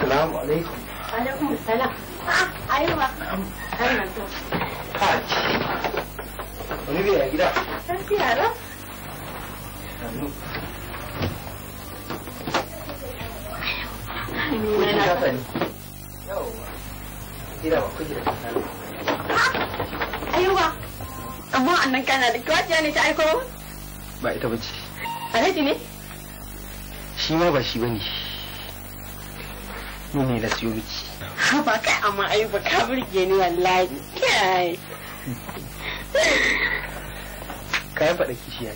Assalamu alaikum. Alaikum salam. Ah, aiwa. Kai to. Kai. Wani biya gida. San siyara. Ah, aiwa. Amma annan kana da kwaciya ne ta aiko? Ba ita bace. Alhaji ne? Shi ma ni ne na siyo haba kai amma ai ba ka burge ni wallahi kai kai da kishiya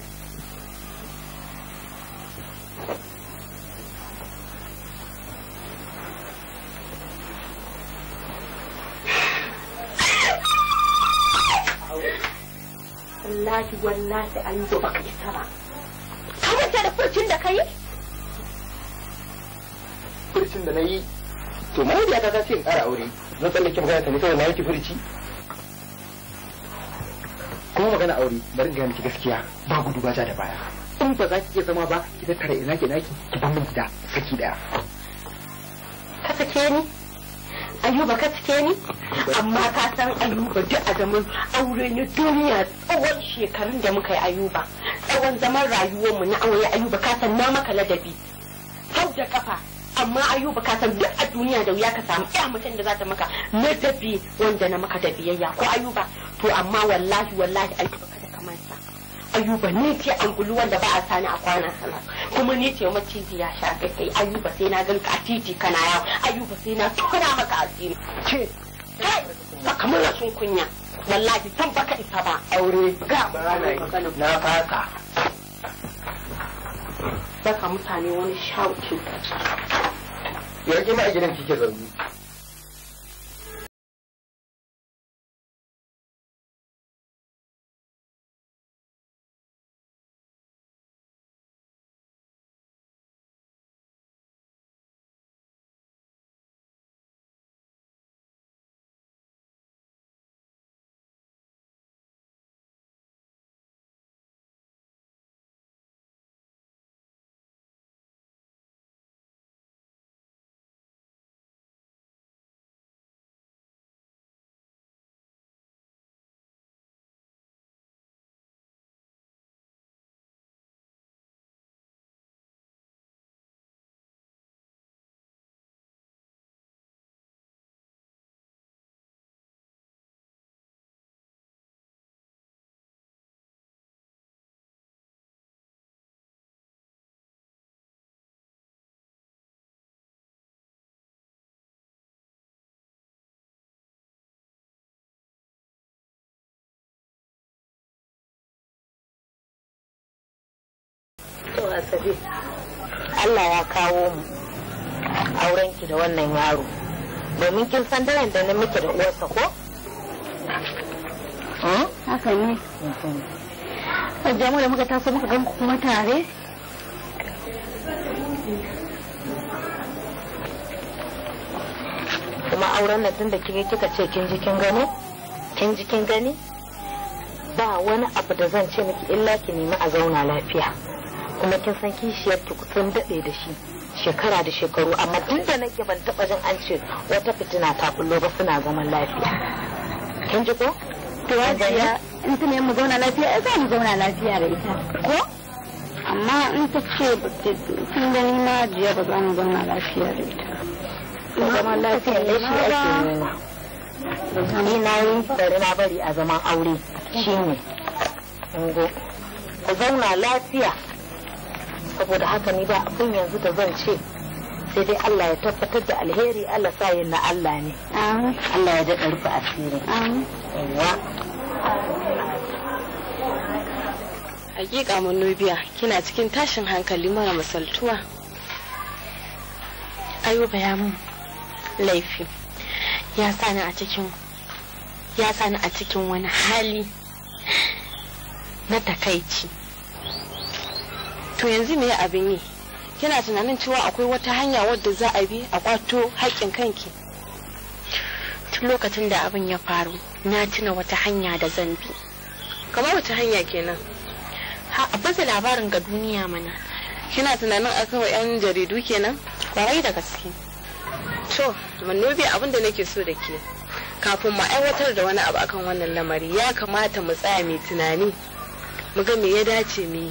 ne wallahi wallahi an yi baka isa ba. Ka da furcin da ka yi? Furcin da na yi to mahaifiya ta ce in ƙara aure na tsallake magana ta ne kawai na yake furici kuma magana aure bari in gaya miki gaskiya ba gudu ba ja da baya in ba za ki iya zama ba ki tara ina ke ina ki ban min gida saki daya ka sake ni ayuba ka cike ni amma ka san ayuba duk a aure na duniya tsawon shekarun da muka yi ayuba tsawon zaman rayuwarmu na aure ayuba ka san na maka ladabi kau da kafa amma ayuba ka san duk a duniya da wuya ka samu iya mutum da za ta maka na dabi wanda na maka da biyayya ko ayuba to amma wallahi wallahi ayuba ka da kamar sa ayuba ne ce gulu wanda ba a sani a kwana sana kuma ne ce maciji ya sha kai kai ayuba sai na ganka a titi kana yawo ayuba sai na tona maka asiri ce kai ba kamar rashin kunya wallahi san baka isa ba aure ga na fasa saka mutane wani shawucin yanzu ma a gidan kike zaune asabe Allah ya kawo mu aurenki da wannan yaro domin kin san daren da na muke da uwarsa ko? Hmm? haka ne jamu da muka taso muka ganku kuma tare kuma auren nan tun da kika ce kin ji kin gani kin ji kin gani ba wani abu da zan ce miki illa ki nemi a zauna lafiya kuma kin san kishiyar ki kusan daɗe da shi shekara da shekaru amma tun da nake ban taɓa jin an ce wata fitina ta kullo ba suna zaman lafiya kin ji ko to ya in tuna mu zauna lafiya ai za mu zauna lafiya da ita ko amma in ta ce kin gani na jiya ba za mu zauna lafiya da ita zaman lafiya ne shi ake nuna ni na yi bari na bari a zaman aure shine ku zauna lafiya saboda haka ni ba abin yanzu da zan ce sai dai Allah ya tabbatar da alheri Allah sa yin na Allah ne Allah ya daɗa rufe asiri hakika manubiya kina cikin tashin hankali mara misaltuwa ayuba ya mun laifi ya sani a cikin ya sani a cikin wani hali na takaici to yanzu me abin yi kina tunanin cewa akwai wata hanya wadda za a bi a kwato haƙƙin kanki tun lokacin da abin ya faru na tuna wata hanya da zan bi kamar wata hanya kenan ha a baza labarin ga duniya mana kina tunanin akan wa yan jaridu kenan kwarai da gaske to manobi abin da nake so da ke kafin mu aiwatar da wani abu akan wannan lamari ya kamata mu tsaya mai tunani mu ga me ya dace mu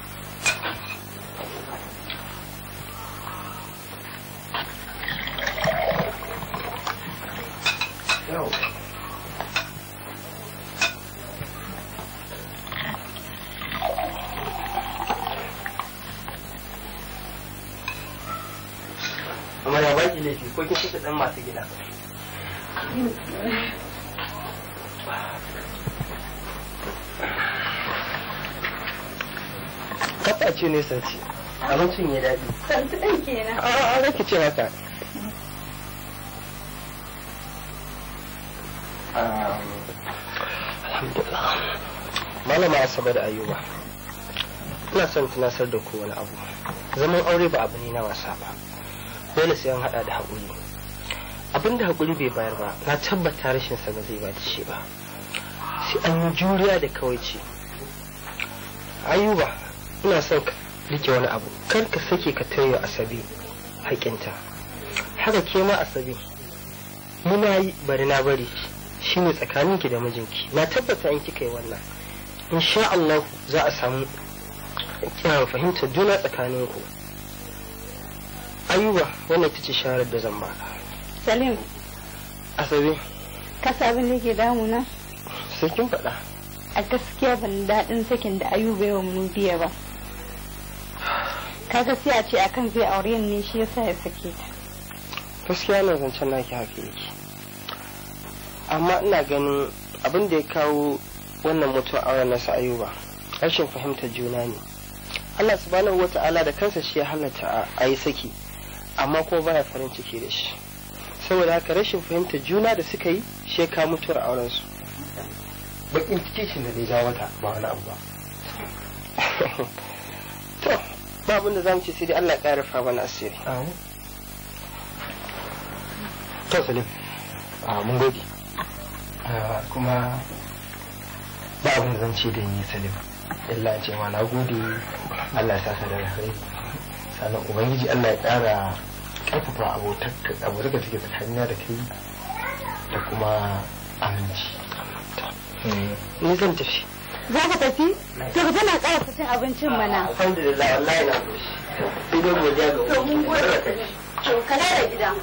laifi ko kin kusa dan masu gida kasa ce ne sanci abincin ya daɗi sanci ɗin kenan a a ki ce haka malama asabar ayuba ina son tunasar da kowane abu zaman aure ba abu ne na wasa ba dole sai an hada da hakuri. abin da haƙuri bai bayar ba na tabbata rashin sa ba zai ba ta ce ba sai an yi juriya da kawai ce. ayuba ina son ka rike wani abu kar ka sake ka tauye asabi haƙinta haka ke ma asabi muna yi bari na bari shi. shine tsakaninki da mijinki na tabbata in kika yi wannan insha Allah za a samu fahimtar juna tsakaninku ayuba wannan ita ce shawarar da zan baka salim asabe ka sabin da ke damuna sai kin faɗa a gaskiya ban daɗin sakin da ayuba yawan mubiya ba kaga sai a ce akan zai aure ne shi yasa ya sake ta gaskiya na zancen ki haka yake amma ina ganin abin da ya kawo wannan mutuwa auren sa ayuba rashin fahimtar juna ne Allah subhanahu wa ta'ala da kansa shi ya halatta a yi saki amma ko baya farin ciki da shi saboda haka rashin fahimta juna da suka yi shi ka mutuwar auren su bakin cikin shi da ne ja wata ba wani abu ba to ba abin da zamu ce sai dai Allah ya karfa mana asiri to salim mun gode kuma ba abin da zan ce da ni salim illa ce ma na gode Allah ya sa da alkhairi sannan ubangiji allah ya ƙara ƙarfafa abotaka take tsakanina da kai da kuma aminci hmm. ni zan tafi za ka tafi to ka tana kara cin abincin mana ah, alhamdulillah wallahi na goshi sai mun godiya ga ubangiji to kala da gida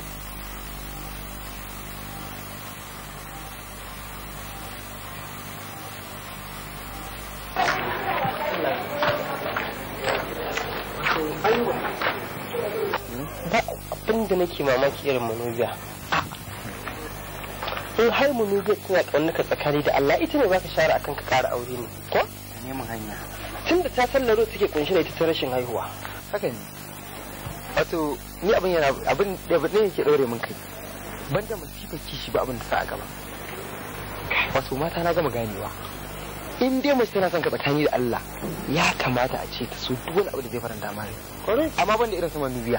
abin da nake mamaki irin manubiya in har manubiya tana ƙaunaka tsakani da Allah ita ne za ka share akan ka ƙara aure ne ko? neman hanya tun da ta san laro take kunshi da ita ta rashin haihuwa haka ne wato ni abin yana abin da ne yake dore min kai banda masifa kishi ba abin da sa a gaba wato mata na gama ganewa in dai mace tana son ka tsakani da Allah ya kamata a ce ta so duk wani abu da zai faranta mare amma ban da irin saman dubiya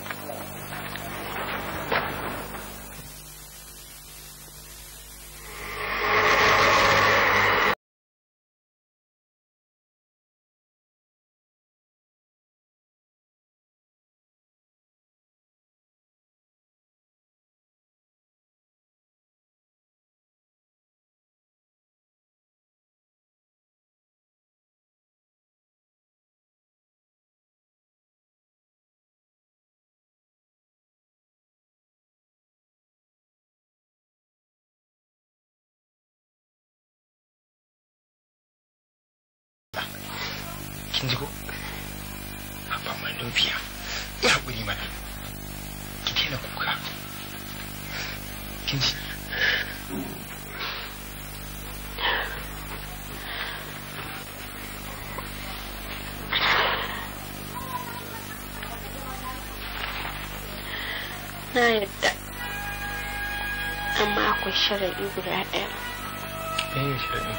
kin ji ko ba ya haƙuri mana ki daina kuka kin ji na yadda amma akwai guda ɗaya. Ɗaya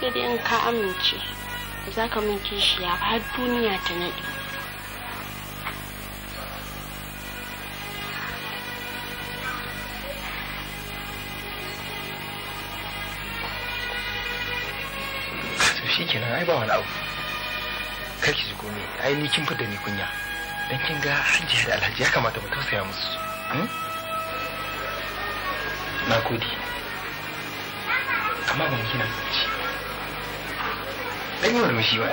Sai dai in ka amince. za ka min kishiya har duniya ta naɗe shi kenan ai ba wani abu kai ki ji komai ai ni kin fidda ni kunya dan kin ga hajji da alhaji ya kamata mu tausaya musu hmm? na gode amma ban gina 哎，你有什么习惯？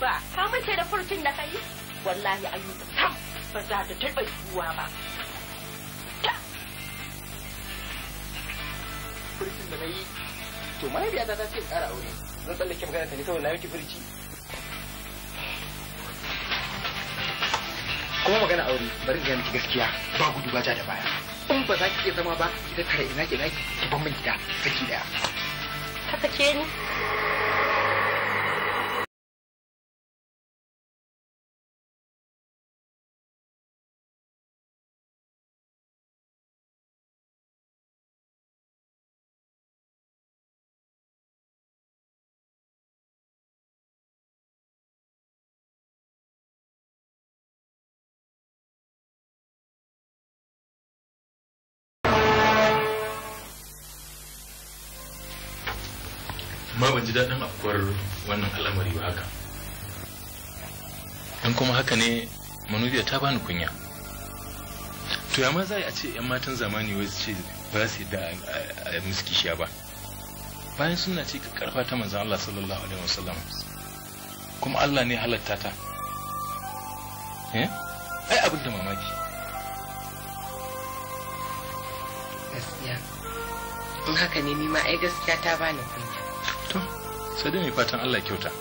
ba ka mace da furcin da kai wallahi ayyuka sam ba za ta taɓa yiwuwa ba furcin da na yi to mahaifiyata ta ce ƙara aure zan tsallake magana ta ne saboda na miki furci kuma magana aure bari ga miki gaskiya ba gudu ba ja da baya in ba za ki iya zama ba ki tattara ina ki ki ban min gida saki daya ka sake ni ji daɗin afkuwar wannan al'amari ba haka Don kuma haka ne manubiya ta bani kunya to yamma za a ce 'yan matan zamani su ce ba su da a musu kishiya ba bayan suna ce karfa ta manzan Allah sallallahu alaihi wasallam kuma Allah ne halatta ta eh ai abin da mamaki gaskiya in haka ne nima ai gaskiya ta bani kunya to sai dai mai fatan Allah kyauta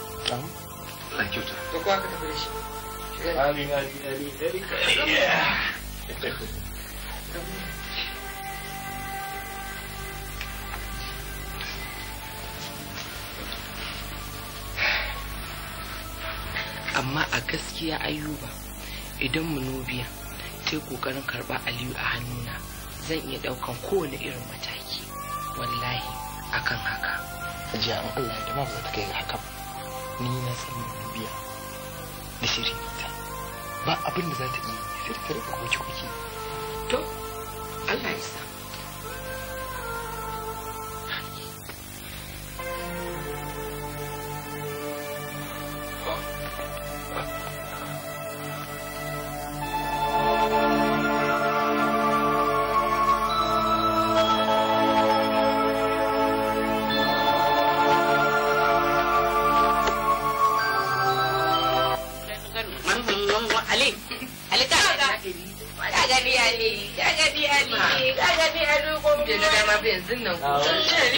amma a gaskiya Ayuba idan munubiya ta yi kokarin karba aliyu a hannuna zan iya daukan kowane irin mataki wallahi akan haka ajiya an Allah da ma ba ta kai ga haka ni na san biya da shirin ta ba abin da za ta yi sai ta rika koke koke to Allah ya sa nan ko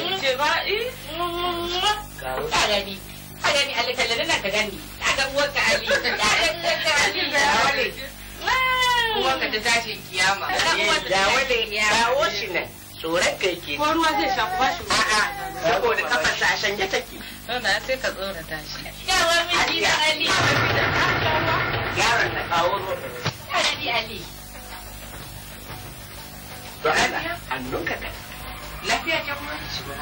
mun je ba eh ka gani ka gani ali kallon nan ka gani ka ali ka ga uwarka ali da wale ta tashi kiyama da wale ya woshi tsoron kai ke ko ruwa zai sha kuma shi a'a saboda kafar sa shanye take to na sai ka tsora tashi yawa miji da ali yaron na kawo ruwa ali ali to ana hannunka lafiya ta kuma ci ba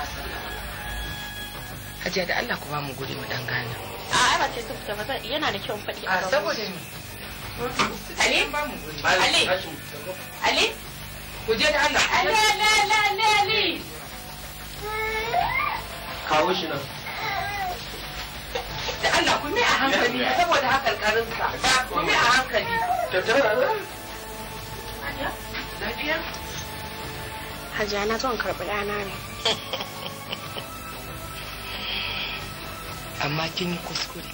hajiya da Allah ku ba mu guri mu dan gane. a ai ba sai su fita ba yana da kyau faɗi a saboda ni Ali Ali Ali ku je da Allah Ali Ali Ali Ali kawo shi nan da Allah ku mai a hankali saboda hakan karinsa ku mai a hankali da lafiya hajiya na zuwan karɓi ɗana ne amma kin yi kuskure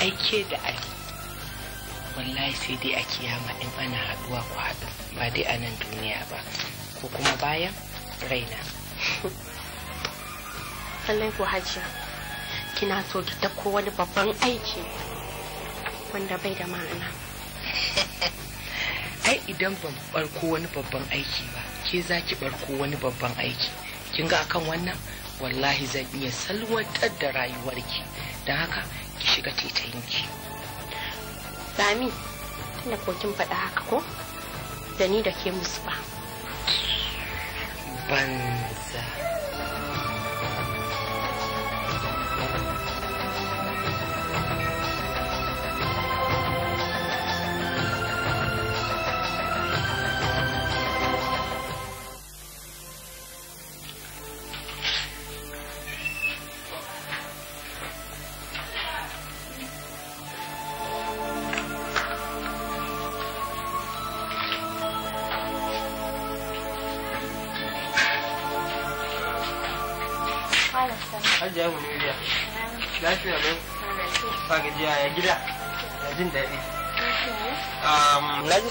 aike da ali wallahi sai dai a kiyama in ana haɗuwa ku haɗu ba dai a nan duniya ba ko kuma bayan raina lallai ku hajiya kina so ki dauko wani babban aiki wanda bai da ma'ana ai idan ban barko wani babban aiki ba ke za ki barko wani babban aiki kin ga akan wannan wallahi zan iya salwatar da rayuwarki don haka ki shiga titayinki. sami tunda ko faɗa haka ko da ni da ke musu ba banza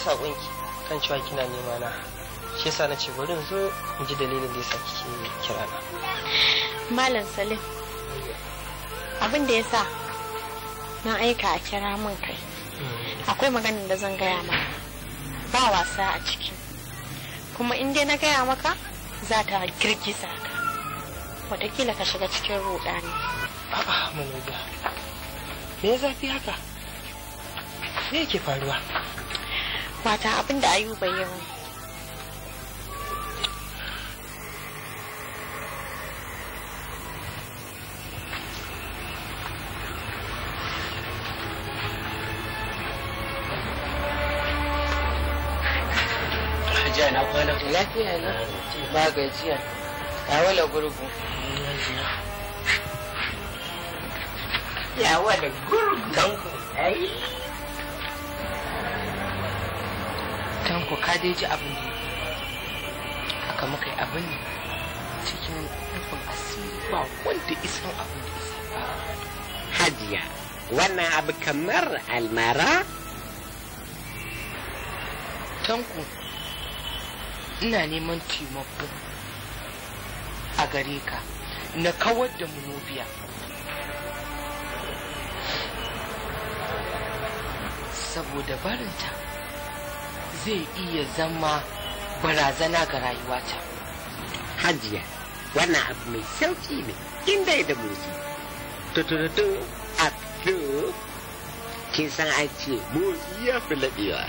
saƙonki kan cewa kina nema na shi yasa na ce bari zo in ji dalilin da yasa kike kira na malam salim abin da yasa na aika a kira min kai mm. akwai maganin da zan gaya maka ba wasa a ciki kuma in dai na gaya maka za ta girgiza ka watakila ka shiga cikin rudani a'a mun ga me zafi haka me yake faruwa mata abinda ayuba yau lafiya na ba gajiya ya wala gurgu ya wala gurgu ko ka dai ji abin da haka muka yi abin ne cikin nufin asiri ba wanda isan abin da isa hajiya wannan abu kamar almara tanku ina neman taimako a gare ka na kawar da munubiya saboda barinta zai iya zama barazana ga rayuwata. Hajiya, wannan abu mai sauki ne inda da motsi. Tututu, a kin san an ce motsi ya fi laɓewa.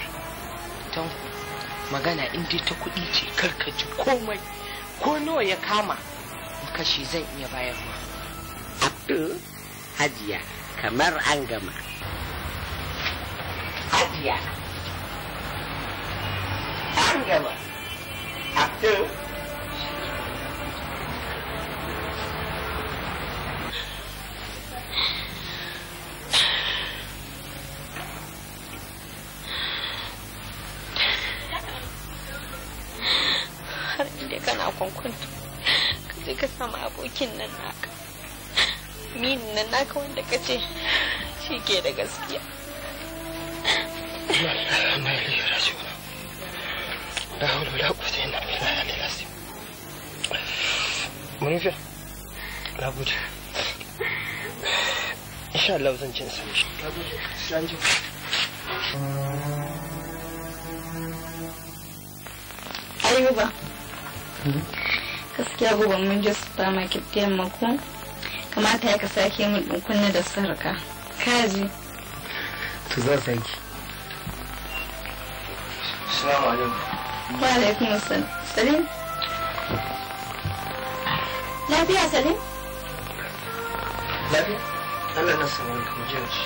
Tanku, magana in dai ta kuɗi ce karkaci komai ko nawa ya kama kashi zan iya bayarwa. Abdu, Hajiya, kamar an gama. Hajiya. Fatima after har inda kana kwankwanto ka je ka abokin nan naka min nan naka wanda ka ce shi ke da gaskiya la hawla wala quwwata illa billahi al azim mun fi na gode insha Allah zan cin sa na gode sai Ayuba. Gaskiya gobe mun je supermarket ta yamma ko? Kamata ya ka sake mun ɗin da sarka. Kaji. To za sake. Assalamu alaikum. Wa alaikum assalam. Salim. Lafiya Salim? Lafiya? Allah na samu ka mu jiya shi.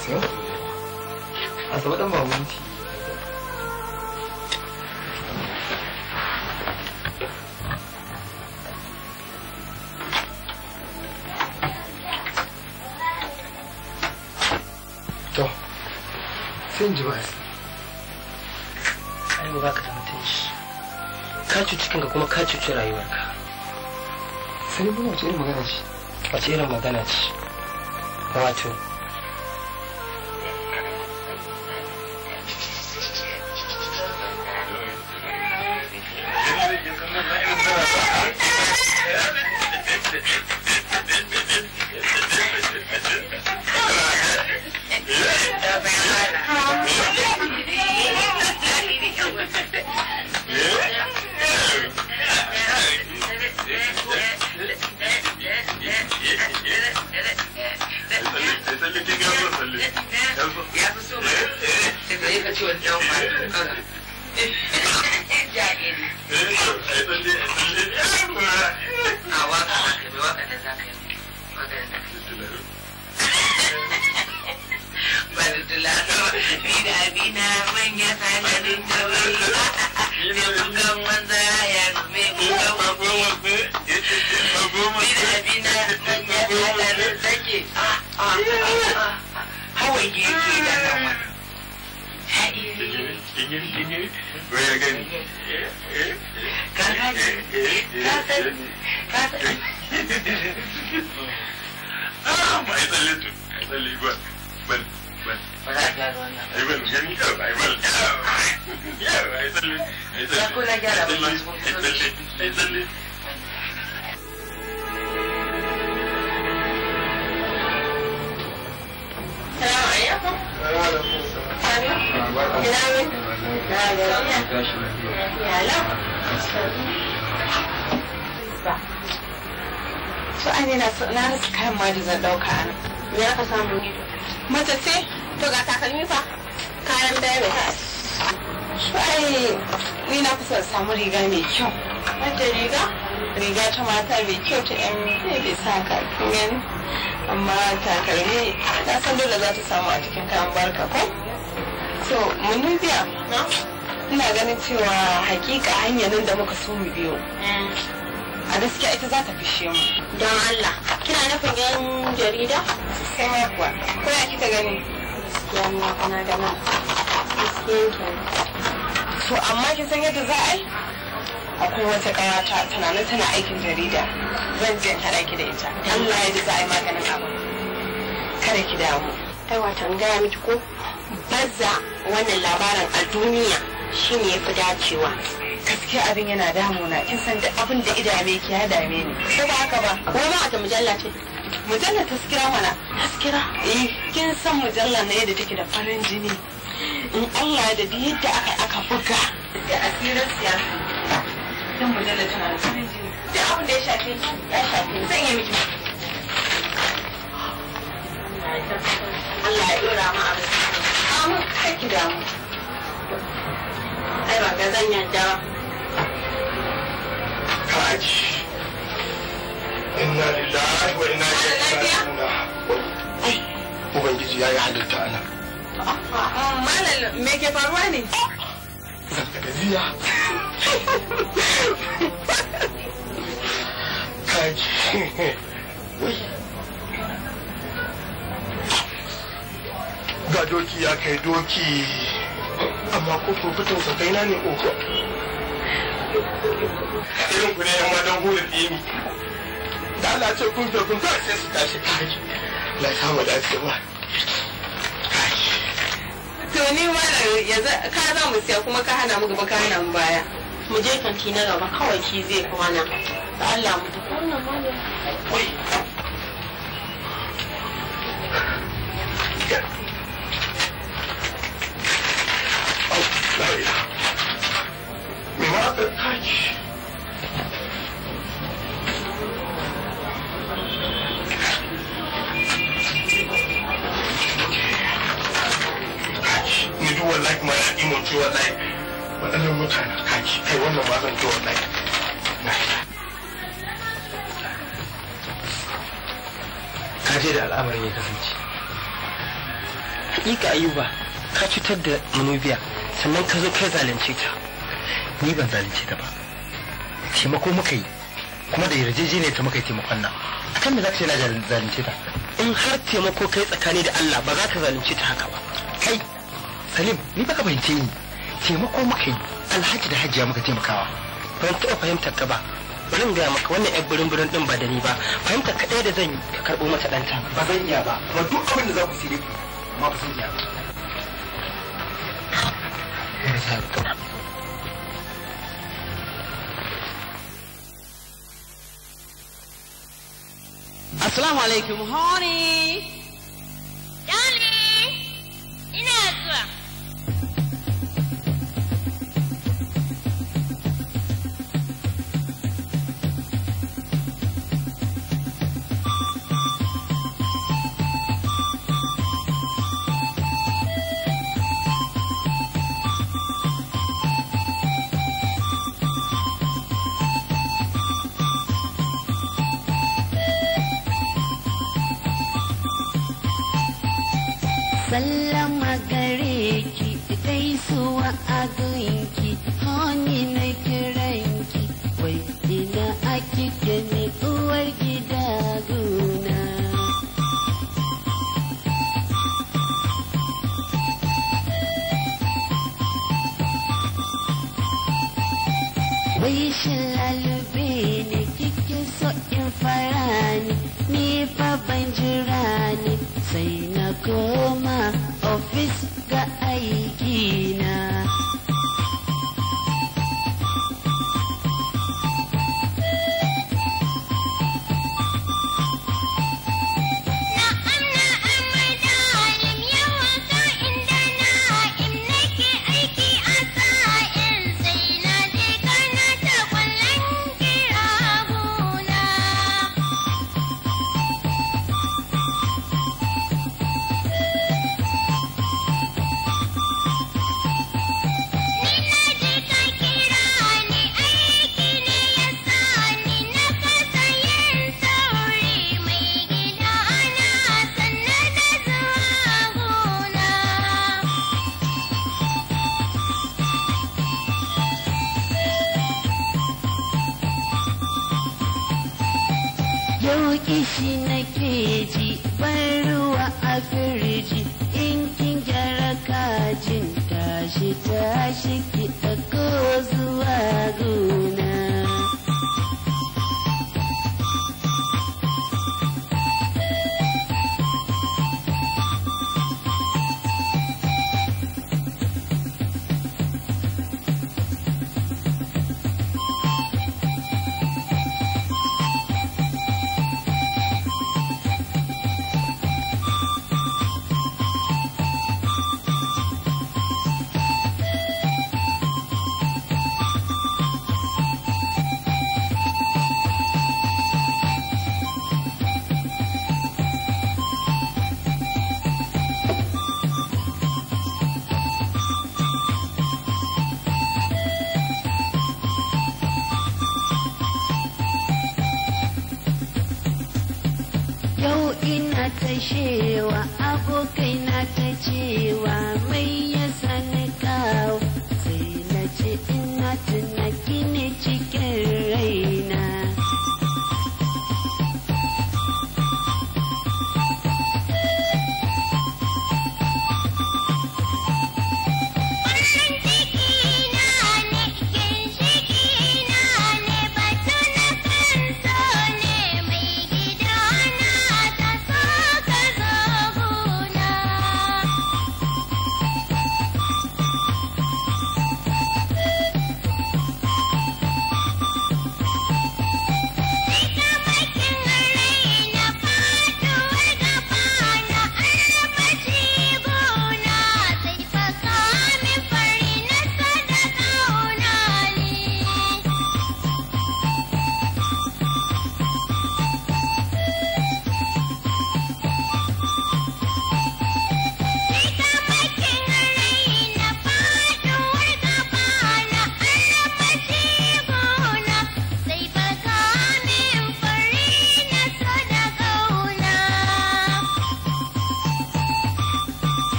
Sai? A saba dan mamanci. To, sai in ba Ai, ba ka ka cuci kanka kuma ka cuci rayuwarka sai kuma wace irin magana ce wace irin magana ce wato maganganun da muka so mu biyo hmm. a gaskiya ita za ta fishe mu don Allah kina nufin yan jarida sai ma kuwa ko ya kika gani gaskiya ni kana da nan So amma kin san yadda za a yi akwai wata kawata tana nan tana aikin jarida zan je in haɗa ki da ita Allah ya ji za a yi maganin abu kada ki damu ai watan gaya miki ko baza wannan labarin a duniya shine ya fi dacewa gaskiya abin yana damuna kin san da abin da idame ki ya dame ni ko ba haka ba ko ma ta mujalla ce mujalla taskira mana taskira eh kin san mujalla na yadda take da farin jini in Allah da bi yadda aka aka buga da asirin siyasa Kin mujalla tana da farin jini da abin da ya shafe ya shafe zan yi miki Allah ya dora mu abin amma kai ki damu ai ba ga zan yadda ba faci inna lillahi wa inna ilaihi raji'un ubangiji yayi halitta ana me ke faruwa ne zakariya kaji ga doki ya kai doki amma ko fitin sa kaina ne koko irin ku ne yan matan hura tsini da Allah ce kun fi kun kawai sai su tashi kai la samu lafiya ba to ni wannan yanzu ka za mu siya kuma ka hana mu gaba ka hana mu baya mu je kanti na gaba kawai ki zai kwana da Allah mu tafi wannan wai Yeah. Oh, there you Mother touch. Ni duk wallahi kuma waɗannan mutanen kaki kai wannan ba zan ce wallahi ka je da al'amarin ya kasance hakika ayuba ka cutar da manubiya sannan ka zo kai zalunce ta ni ban zalunce ta ba taimako muka yi kuma da ne ta muka yi taimakon nan akan me za ka ce na zalunce ta in har taimako kai tsakani da Allah ba za ka zalunce ta haka ba kai Salim ni baka fahimce ni taimako muka yi alhaji da hajiya muka taimakawa ban taɓa fahimtar ka ba bari gaya maka wannan yan birin birin din ba da ni ba fahimta kaɗai da zan ka karɓo mata ɗanta ba zan iya ba kuma duk abin da za ku sire ku amma ba zan iya ba Assalamualaikum, honey. Johnny, ini aku. 自音。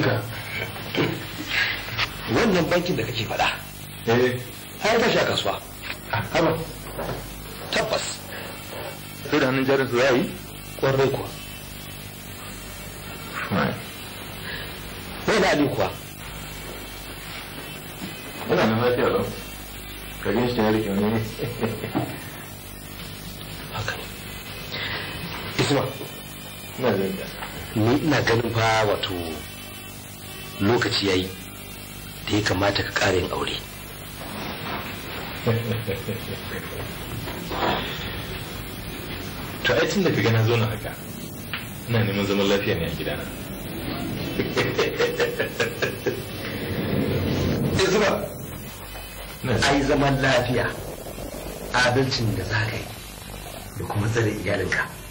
ka wannan bankin da kake fada eh har ta sha kasuwa haba tabbas sai da hannun jarin su yayi kwarai kuwa wai da ali kuwa yana nan lafiya ba ka gan shi tare da kyau ne haka ne isma ina ganin fa wato lokaci ya yi da ya kamata ka ƙara yin aure to ai tun da kaga na zo na haka ina neman zaman lafiya ne a gidana zuba ai zaman lafiya abincin da za ka yi da kuma tsare iyalinka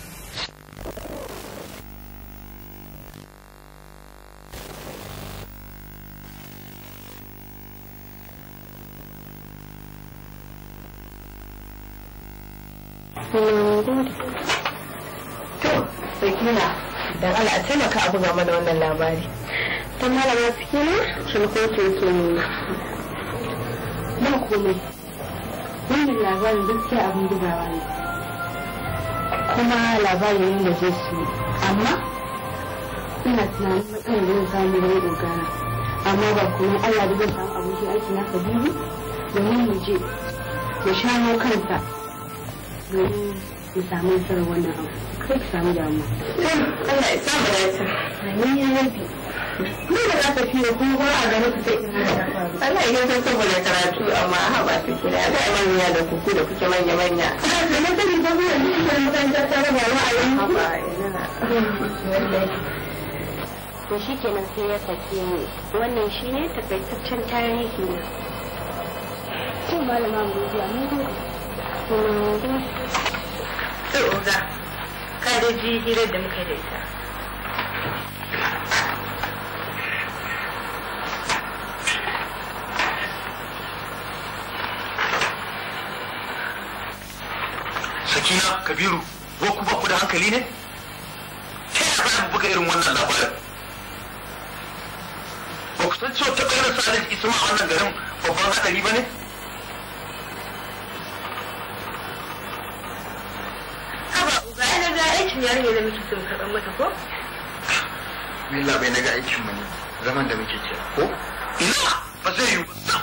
taimaka abu game da wannan labari ta malama sikina shirkokin ke nuna ba komai wannan labarin gaskiya abin bugawa ne kuma labarin da zai su amma ina tunanin matsalar da zan samu da amma ba kuma allah da zan samu abokin aiki na kabiru domin mu je mu shawo kansa domin mu samu nasarar wannan abu kai ki samu damu. Allah ya samu dace. Amin Ni da za ta fiye kuma ba a ganin kusa Allah ya saboda karatu amma a haɓa ta kira ya ga manya da kuku da kuke manya manya. Da na sani ba zuwa ni da makarantar ta raba wa a yanzu. Haɓa ina. To shi kenan sai ya sake ni wannan shi ne takaitaccen tarihi na. Cin malama mu zuwa mun gode. Mun gode. dai ji hirar da muka da ita sakina kabiru ko ku ba ku da hankali ne ta yaya za buga irin wannan labarin ba ku san cewa ta ƙarar sa'adar isma wannan garin babban haɗari ba ne yarinya da muke son karɓar mata ko? Milla na ga aikin mu ne zaman da muke cewa ko? Ina ba zai yi ba.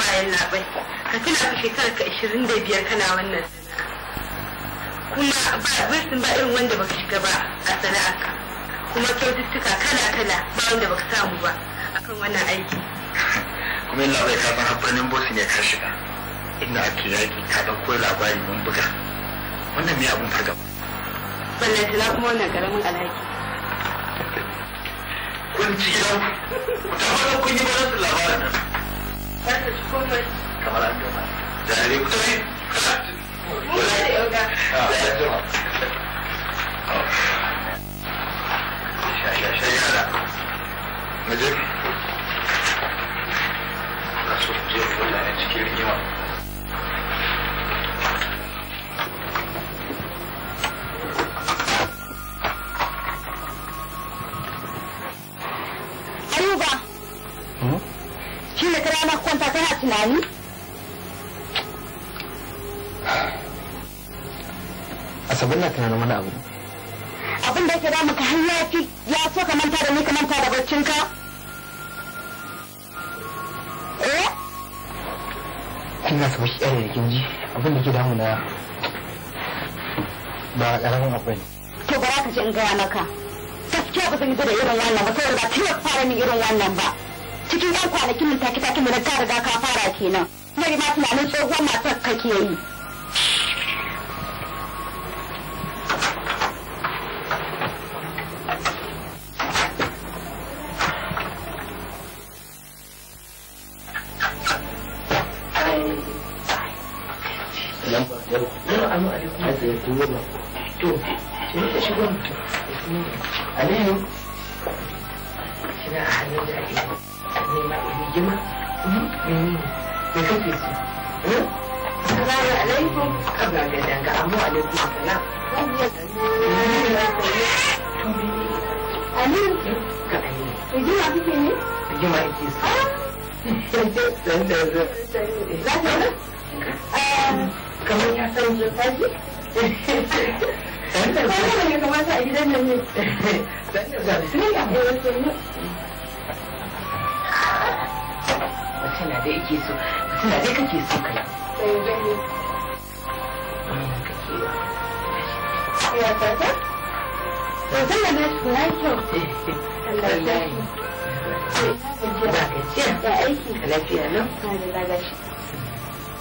Bayan labai, ka tuna ka shekara ka ashirin da biyar kana wannan sana'a. Kuma ba bursin ba irin wanda baka shiga ba a sana'a ka. Kuma kyaututtuka kala-kala ba wanda baka samu ba akan wannan aiki. Kuma yin labai ka san haɓɓanin bosi ne ka shiga. inda ake yaƙi ka ɗauko labari mun buga wannan me abin fargaba ballantana kuma wannan karamin alhaki kun ci gida ku ta fara kun yi balansu labarin nan ba ta ci komai kamar an gama jare ku ta ah, ya tafi oh. na so da yau na cikin rigima. tunani asabar na tunanin wani abu abin da ke damu ka har ya fi so ka manta da ni ka manta da barcin ka eh kin ga sabar tsare da kin ji abin da ke damu na ba karamin abu ne to ba za ka ji in gaya maka gaskiya ba zan yi da irin wannan ba saboda ba ta fara ni irin wannan ba cikin yan kwanakin nan take take mun ta riga ka kenan. Kuma ma tunanin tsohuwar matar kake yi.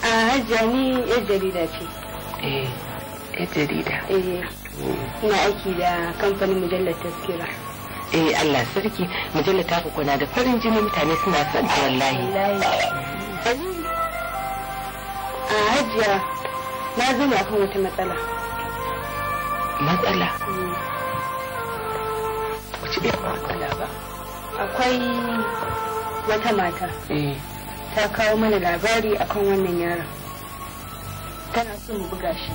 a hajjiya ni yar jarida ce eh yar jarida eh ina aiki da kamfanin mujallar taskira eh Allah sarki mujallar ta kuna da farin jini mutane suna son ta wallahi a hajjiya na zo zama akan wata matsala matsala mm. wace irin matsala ba akwai wata mata eh ta kawo mana labari akan wannan yaron tana so buga shi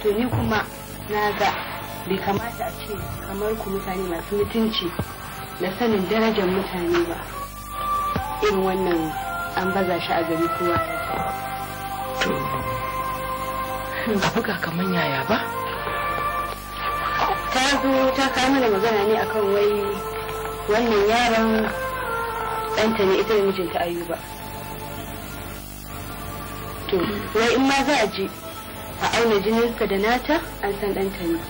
to ni kuma na ga bai kamata a ce kamar ku mutane masu mutunci da sanin darajar mutane ba irin wannan an baza shi a gari kowa to ba buga kamar yaya ba ta zo ta kawo mana magana ne akan wai wannan yaron ɗanta ne ita da mijinta ayuba to wai in ma za a ji a auna jininka da nata an san ɗanta ne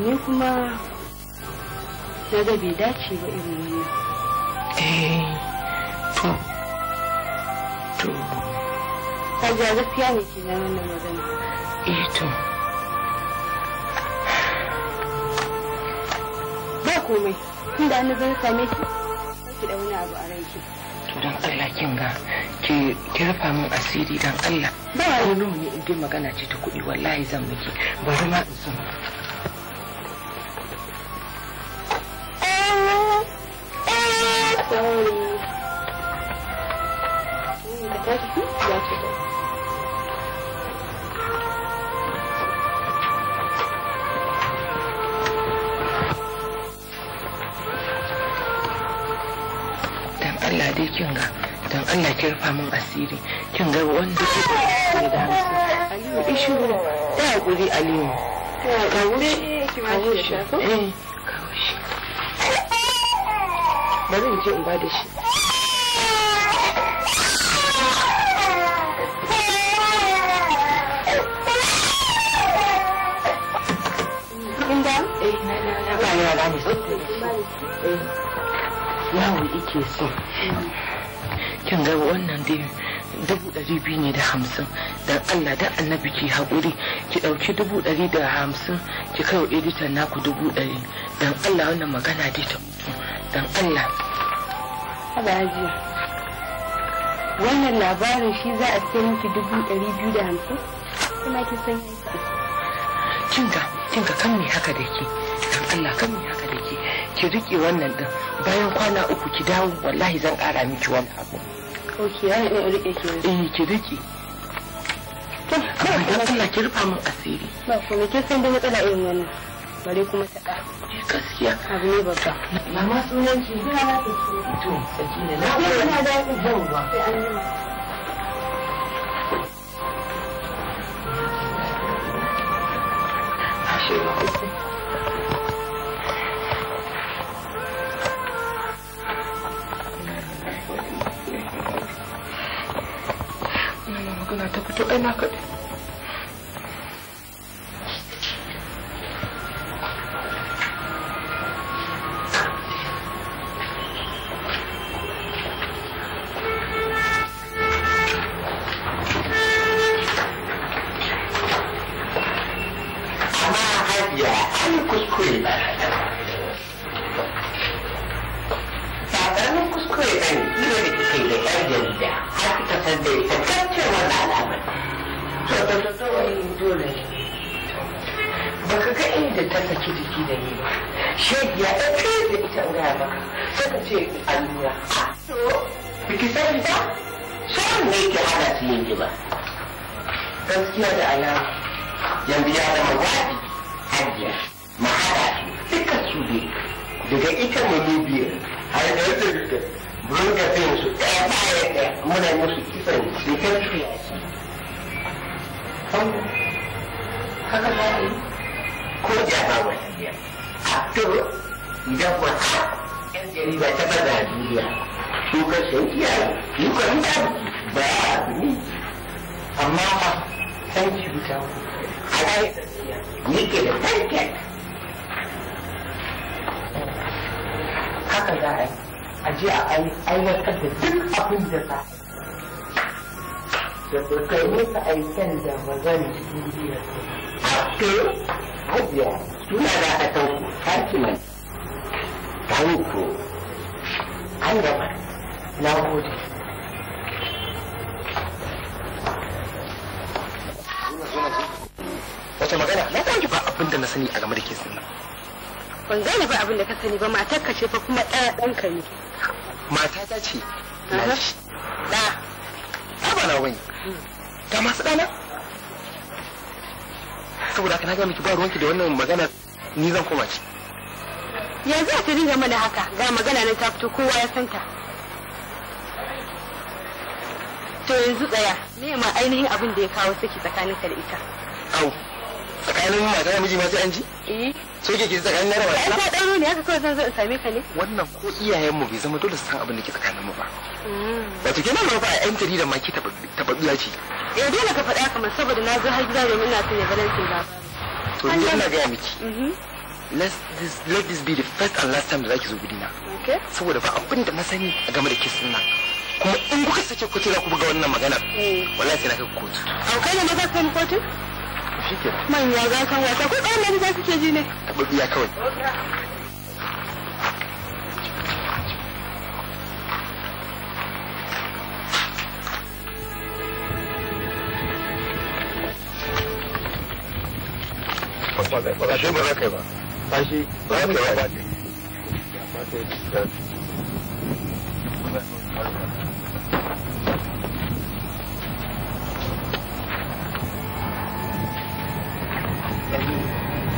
ni kuma na ga bai dace ba irin wannan eh to to ta ja gaskiya ne ke na wannan magana eh to ba komai tunda an same ki ki da wani abu a ranki to don Allah kin ga ki rufa min asiri dan Allah ba wani ne in dai magana ce ta kuɗi wallahi zan miki bari ma in zuma Thank you. dai kin ga dan Allah ki rufa min asiri kin ga wanda ke da da Aliyu ishi da guri Aliyu ka wuri ki ma ji eh, shi eh ka wuri bari in je in ba da shi Thank eh, you. nawa ike so kin ga wannan dai dubu ɗari biyu ne da hamsin don allah da annabi ki haƙuri ki ɗauki dubu ɗari da hamsin ki kai wa editan naku dubu ɗari don allah wannan magana dai ta mutu don allah alhaji wannan labarin shi za a sai miki dubu ɗari biyu da hamsin kuma ki san kinga kinga kan me haka da ke don allah kan me haka ki riƙe wannan ɗin bayan kwana uku ki dawo wallahi zan kara miki wani abu ok ya yi ki eh ki riƙe. Allah ki rufa min asiri ba ko ke san da matsala irin wannan bare kuma ta eh, gaskiya abu ne babba mama sunan ki to sakina na da ku to ai na kaɗai kuma ɗaya ɗanka ne mata ta ce na shi ɗa ta ba na wani ta hmm. masu ɗana saboda ka na miki ba ruwanki da wannan magana ni zan koma ci yanzu a tiri game da haka ga magana na ta fito kowa ya santa to yanzu tsaya me ma ainihin abin da ya kawo saki ka da ita au tsakanin mata da miji ma sai an ji eh so ke ke tsakanin na da mata ka dan ne haka kawai zan zo in same ka ne wannan ko iyayen mu bai zama dole su san abin da ke tsakanin mu ba hmm. wato kenan ba a yan jarida ma ke tababbiya ce eh dole ka faɗa kamar saboda na zo har gida domin na son ya ga lantin ba to ni ina ga miki mm-hmm. let this let this be the first and last time da zaki zo gidina saboda ba abin da masani a game da kisan nan kuma in kuka sake kuce za ku buga wannan magana eh. wallahi sai na kai kotu au kai ne na ka kai kotu shi ke manya za wata ko za su ke ji ne taɓa biya kawai ka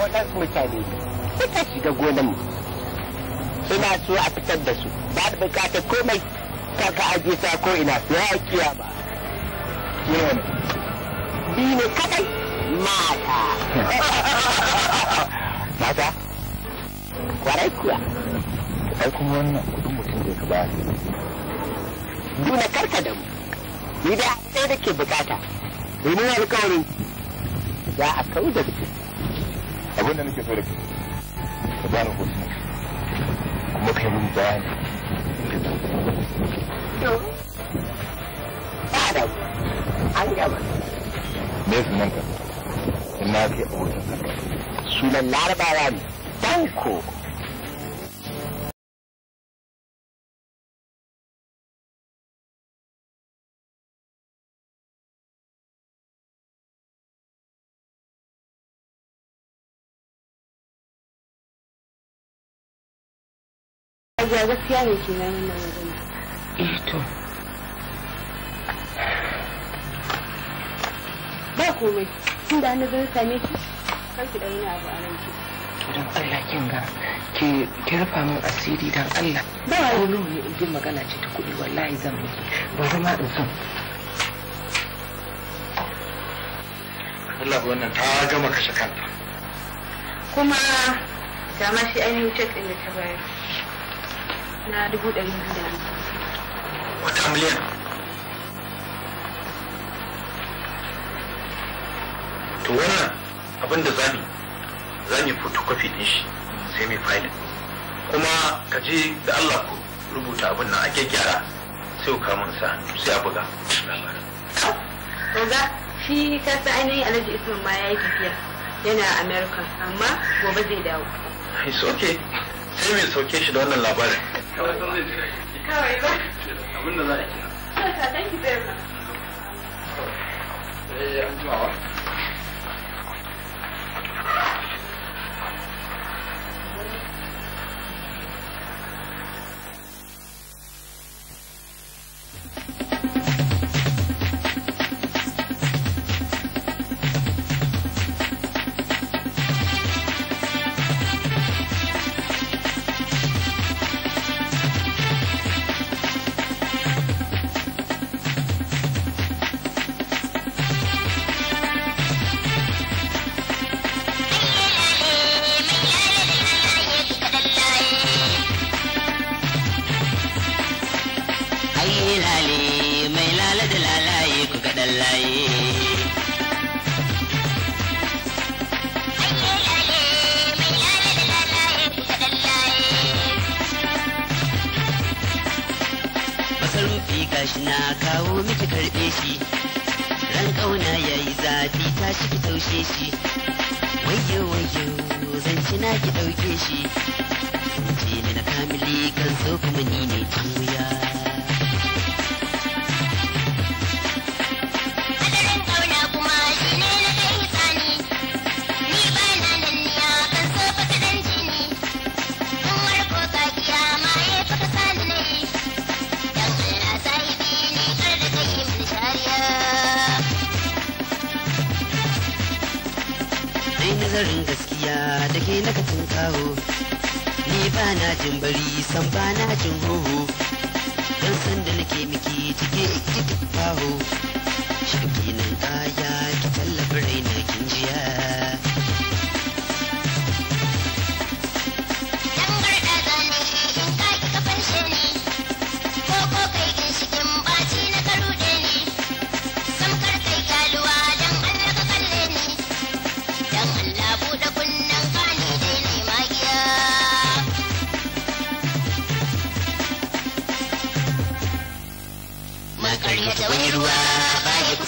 waɗansu mutane suka shiga gonan suna so a fitar da su ba da bukatar komai ta ka aje ta ko ina su ya kiya ba bi ne kadai mata mata kwarai kuwa ai kuma wannan kudin mutum zai ka bayar duna karka da mu ni da sai da ke bukata domin alkawari za a kawo da su abinda nake so da ke ka bani kuɗi kuma ka yi bayani me sunan ka ina ke abokin sunan larabawa ne danko hajiya gaskiya ne ke nan magana eh to ba komai tun da na same kar ki abu a ranki don Allah kin ga rufa min asiri don Allah ba wani ne in ji magana ce ta kuɗi wallahi zan miki ma in Allah wannan ta gama kashe kanta kuma ga ma shi ainihin cek da ta bayar na dubu ɗari biyu da biyu. wata miliyan to wannan abin da zami zami photocopy din shi sai mai filin kuma ka je da Allah ku rubuta abin nan a gyara sai ku kamun sa sai a buga kaza shi ka sa ainihin alhaji isman ma ya yi tafiya yana a america amma gobe zai dawo it's okay sai mai sauke shi da wannan labarin How are you? jira ki kawai ba abin thank you very much.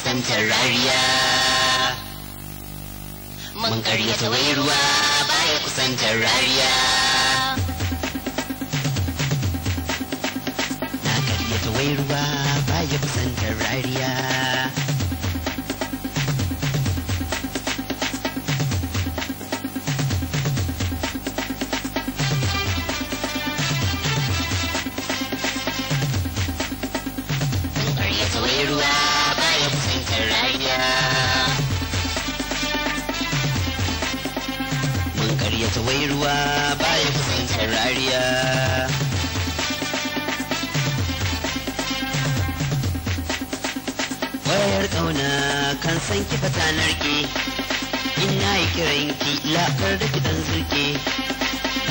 kusantar rariya mun karya wai ruwa baya kusantar rariya na karya wai ruwa baya kusantar rariya kai ruwa ya fahimtar rariya wayar ƙauna kan san kifa ta in ina yi kiran ki lafar da kiɗan zurke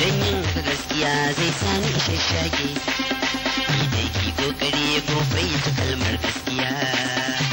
don yin haka gaskiya zai sani ishashshake shage idan ki kokari ko fayyace kalmar gaskiya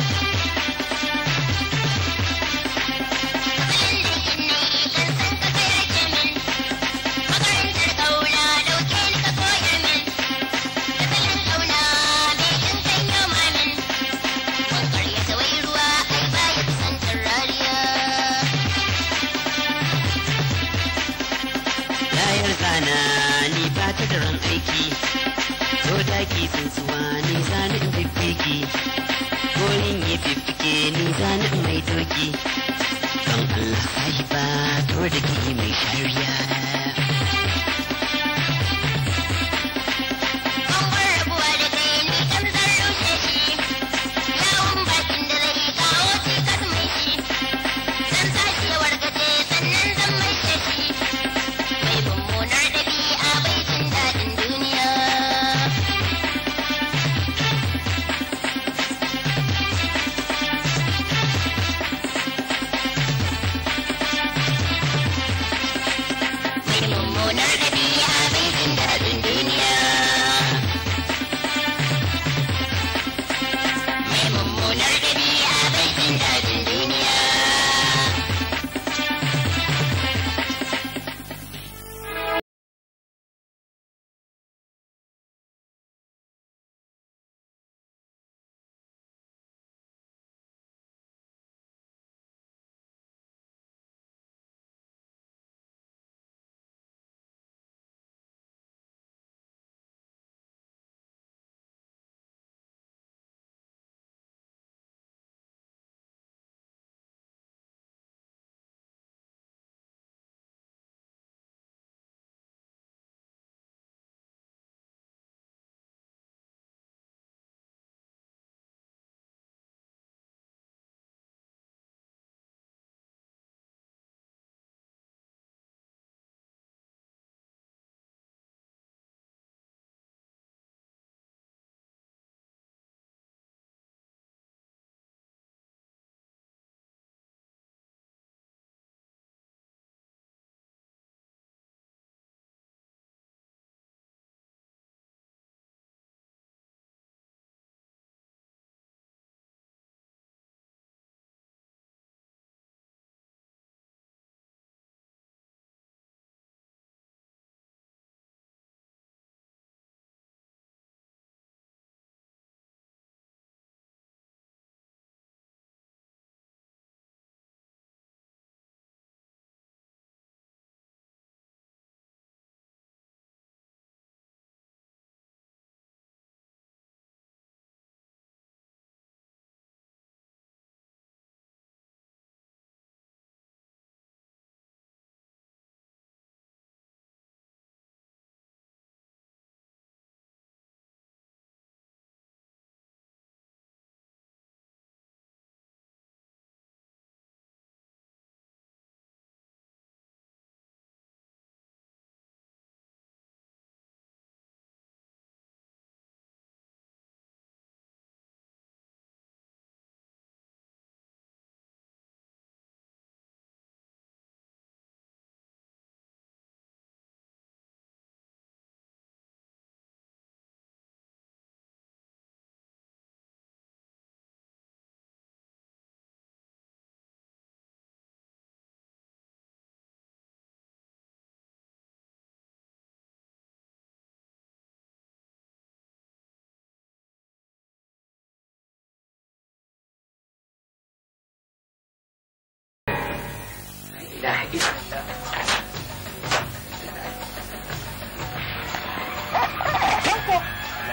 ilahi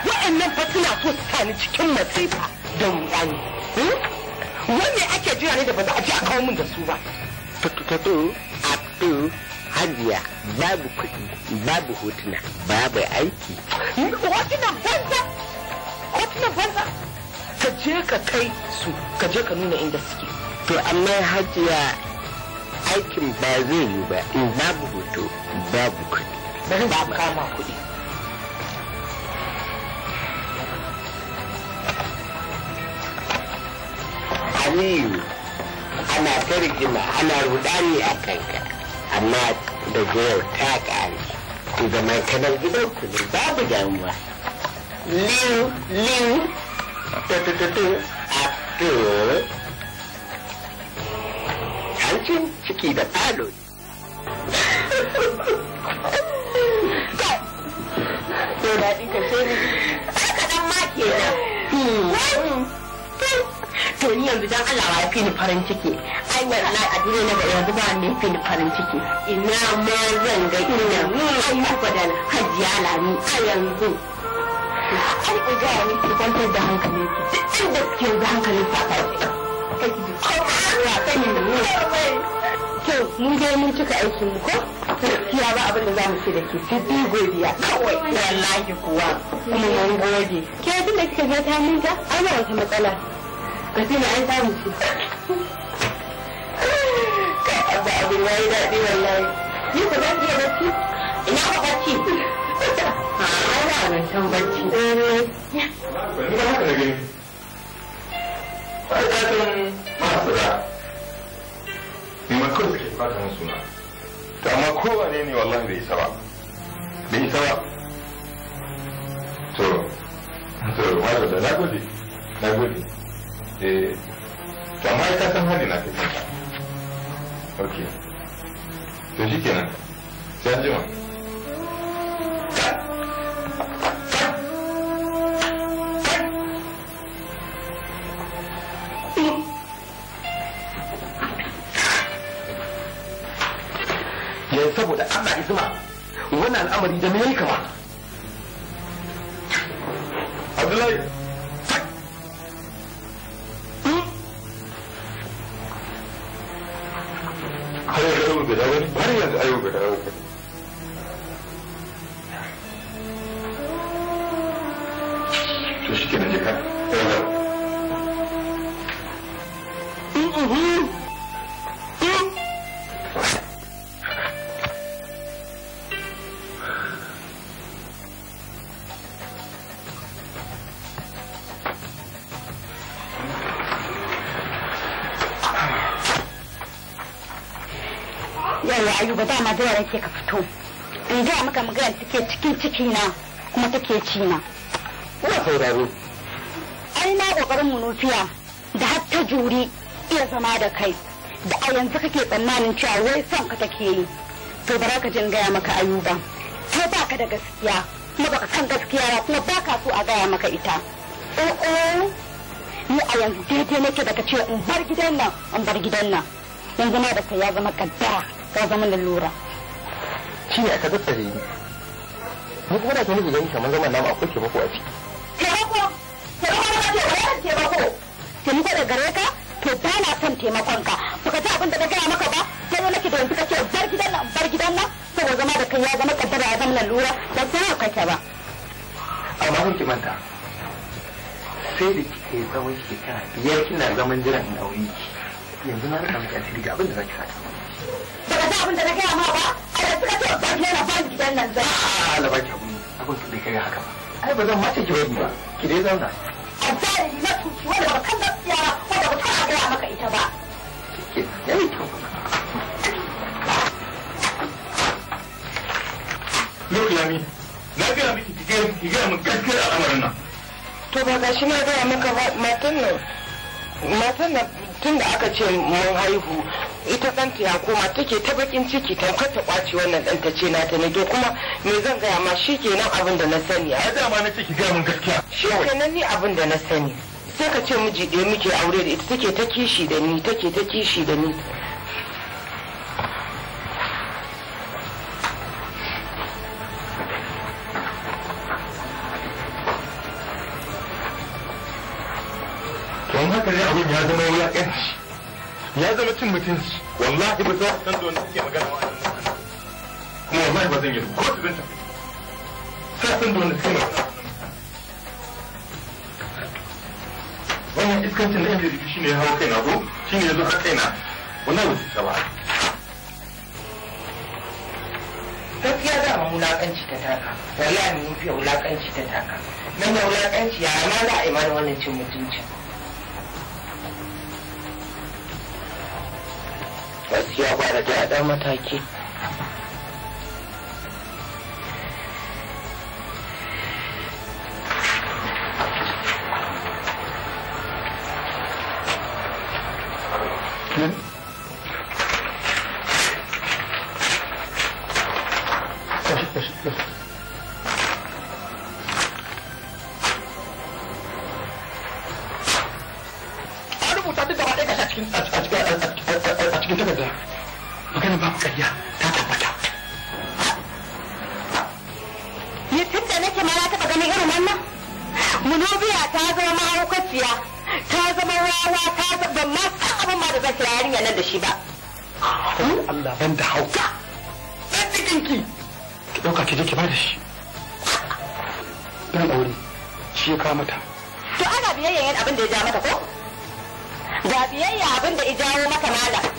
wa'annan fa suna fuska ni cikin masifa da rudani hmm? wanne ake jira ne da ba za a ji a kawo min da su ba fito abdu hajiya babu kuɗi babu hotuna babu aiki hmm? hotuna banza Hotuna banza ka je ka kai su ka je ka nuna inda suke to amma hajiya aikin ba zai yi ba in babu hoto babu kuɗi aliyu ana ta rigima ana rudani a kanka amma da yau ta ƙare ku zama kanar gidanku ne babu damuwa liu liu ta ta ta ta a hancin ciki da falo to daɗi ka ce ni aka dan ma kenan hmm. to ni yanzu dan Allah ya fi ni farin ciki an yi Allah a duniya na bari yanzu ba ni fi ni farin ciki ina ma zan ga ina ayyuka da hajiya lami a yanzu ai ku ga ni ki kwantar da hankali ki duk da kike da hankali ta farko saki ya ne to mu dai mun cika aikin mu ko gaskiya ba abin da zamu ce da ke sai dai godiya kawai wallahi kuwa kuma mun gode ke abin da kika ga ta mun ga ana wata matsala ka tuna an samu ce kai abba abin yayi daɗi wallahi ni ku zan iya bacci ina ba bacci ana nan can bacci eh, fa'idatan masara ne kawai suke fata suna to amma kowane ne wallahi bai isa ba bai isa ba to to wato da nagode nagode eh amma ya san hali na to shikenan sai an jima saboda Allah isma wannan al'amari da me yayi kama Abdullahi har yanzu ayyuka guda wani har yanzu ayyuka guda wani to shi ke na jika yawa ba dama da yaran ka fito in ga maka magana take cikin ciki na kuma take ci na ina sauraro ai na kokarin nufiya. da har ta juri iya zama da kai da a yanzu kake tsammanin cewa wai son ka take yi to bara ka jin gaya maka ayuba kai baka da gaskiya kuma baka san gaskiya ba kuma baka so a gaya maka ita oh oh ni a yanzu daidai nake baka ce in bar gidan nan in bar gidan nan yanzu ma da kai ya zama kaddara ka zama lalura shi ne aka da yi. mu kuma da ke nufi gani kamar zama namu akwai taimako a ciki taimako taimako na ce ba taimako taimako da gare ka to ba na son taimakon ka baka ji abin da ka gaya maka ba sai nake da yanzu ce bar gidan nan bar gidan nan saboda zama da kai ya zama kaddara ya zama lalura ba sai ka kake ba amma kun ki manta sai da kike yi shekara biyar kina zaman jiran nauyi yanzu na rika miki asiri ga abin da ki fata baka ji abin da na gaya ma ba ai da ta ce ban yana ban dan nan zai a ah, la baki abin abin bai kai haka ba ai ba zan ma ce ki bari ba ki dai zauna a tsari na tuki wanda ba kan gaskiya wanda ba ta gaya maka ita ba yayi kyau Yau yami, na gaya miki ki gaya min gaskiyar al'amarin nan. To ba ga shi na gaya maka matan nan, matan nan tun da aka ce mun haihu ita ɗanta ya koma take ta bakin ciki tamkar ta kwace wannan ɗanta ce na ta to kuma me zan gaya ma shi kenan abin da na sani a da ma na ce ki gaya min gaskiya shi kenan ni abin da na sani sai ka ce miji ɗaya muke aure da ita take ta kishi da ni take ta kishi da ni don haka ne abin ya zama kai ya zama cin mutum wallahi ba za a san don wanda suke magana wa kuma wallahi ba zan yi ko ta zan tafi sa san don suke magana wannan iskancin da yan jirgi shine ya hawa kaina ko shine ya zo har kaina wallahi ba su ba gaskiya mu wulaƙanci ta taka wallahi mun fi wulaƙanci ta taka nan da wulaƙanci ya ma za a yi mana wannan cin mutuncin gaskiya ba da ɗan mataki Mm-hmm. ta daga magana ba ƙarya ta tabbata ni tun da nake ma na taɓa ganin irin wannan munobiya ta zama mahaukaciya ta zama rawa ta zama ma san abin ma da zai kira yarinya nan da shi ba Allah ban da hauka ɗan cikinki ki ɗauka ki je ki ba da shi ɗan aure shi ya kawo mata to ana biyayya yin abin da ya ja mata ko ga biyayya abin da ya jawo mata malam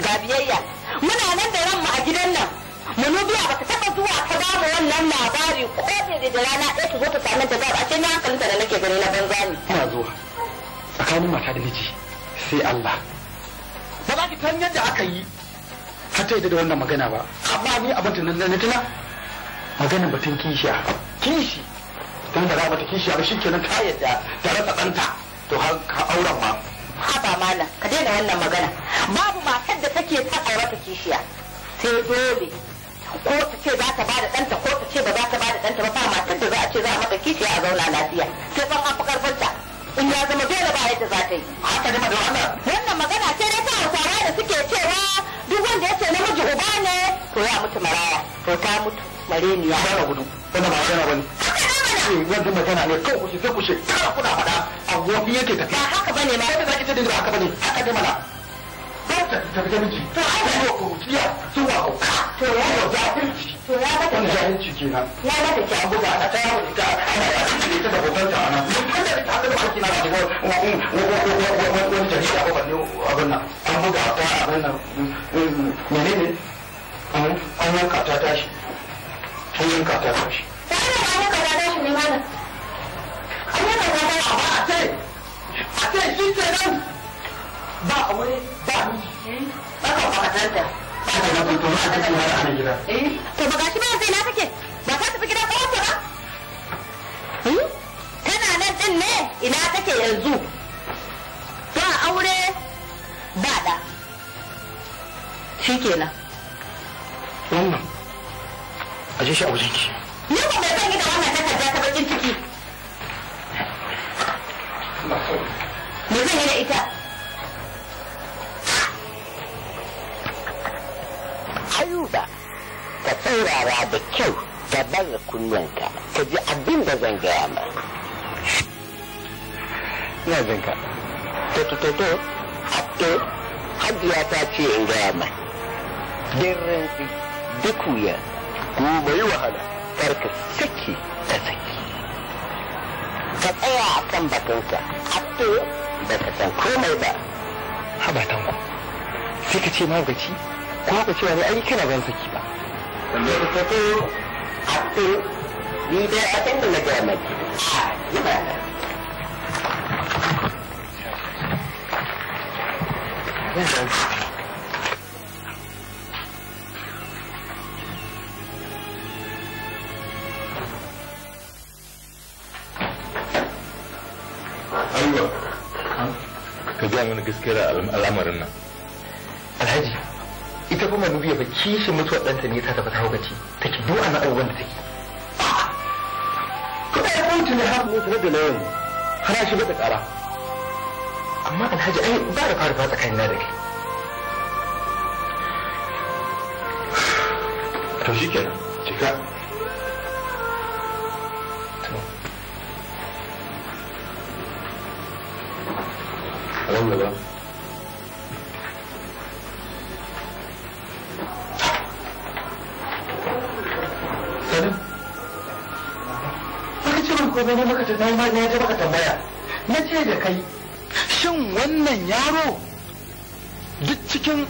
ga biyayya muna nan da ranmu a gidan nan manubiya ba ta taba zuwa ta ba mu wannan labari ko da da rana ɗaya ta zo ta samu ta ba a ce na hankalinta da nake gani na banza ne ina zuwa tsakanin mata da miji sai Allah ba za ki san yadda aka yi har ta yadda da wannan magana ba amma ni abin da nan na tuna maganin batun kishiya kishi dan da ba ta kishiya ba kenan ta yadda ta rasa ɗanta to har ka auren ma haba mana ka daina wannan magana babu matar da take ta a ta kishiya sai dole ko ta ce za ta ba da ɗanta ko ta ce ba za ta ba da danta ba ba matar da za a ce za a maka kishiya a zauna lafiya sai ban an fi karfinta in ya zama dole ba yadda za ta yi haka da magana wannan magana ce na ta hausawa da suke cewa duk wanda ya ce namiji uba ne to ya mutu maraya to ta mutu mareniya ba gudu wannan ba magana ce wanda magana ne kawai kuke sai ku ce kuna faɗa a wani yake tafiya. Ba haka bane ma. Kai zaki ce dinga haka bane haka dai mana. Ba ta tafi da miki. To ai ba ku tiya su wa ku. To ya ba jahilci. To ya ba ta jahilci kenan. Ya ba ta ki abu ba ta yawo ita. Ana ba ta da babban ta ana. Mun kada ta haka da baki na da wani wani jarida ba balle abin nan. An buga ta abin nan. Menene? An yanka ta tashi. An yanka ta tashi. Ta yanka ta tashi. na shi ne mana da wata a ba a ce a ce shi ke nan ba a wani ba ba ka fatan da ba ka da mutum ba ka da wani gida to ba ga shi ba sai na kake ba ka tafi gida ko ba tana nan din ne ina take yanzu ba aure ba da shi kenan wannan a je shi a wajen ki Ni ko me zan yi da wannan takarda ta bakin ciki? Me zan yi da ita? Ayuba, ka tsaurara da kyau ka bayyana kunyanka ka ji abin da zan gaya ma. Ina jinka. Toto-toto, abdo, hajiya ta ce in gaya ma. Din rantsi, duk wuya, ku bai wahala. yarka saki ta saki ka tsaya a kan batunka a ko da ka san komai ba haba tanko sai ka ce magaci kuma ka cewa ne ai kana ban saki ba wanda ya fito a ko ni dai a kan da na ga maki a ba Thank gaya mana gaskiyar al'amarin nan alhaji ita kuma dubiya ba kishin mutuwar ɗanta ne ta tafi ta hukaci take duk ana abubuwan da take kuma ya kwanci ne har mutu da na har shi bata ƙara amma alhaji ai ba da fara fata kai na da kai to shikenan cika wanda ba ce ya tambaya na ce da kai shin wannan yaro duk cikin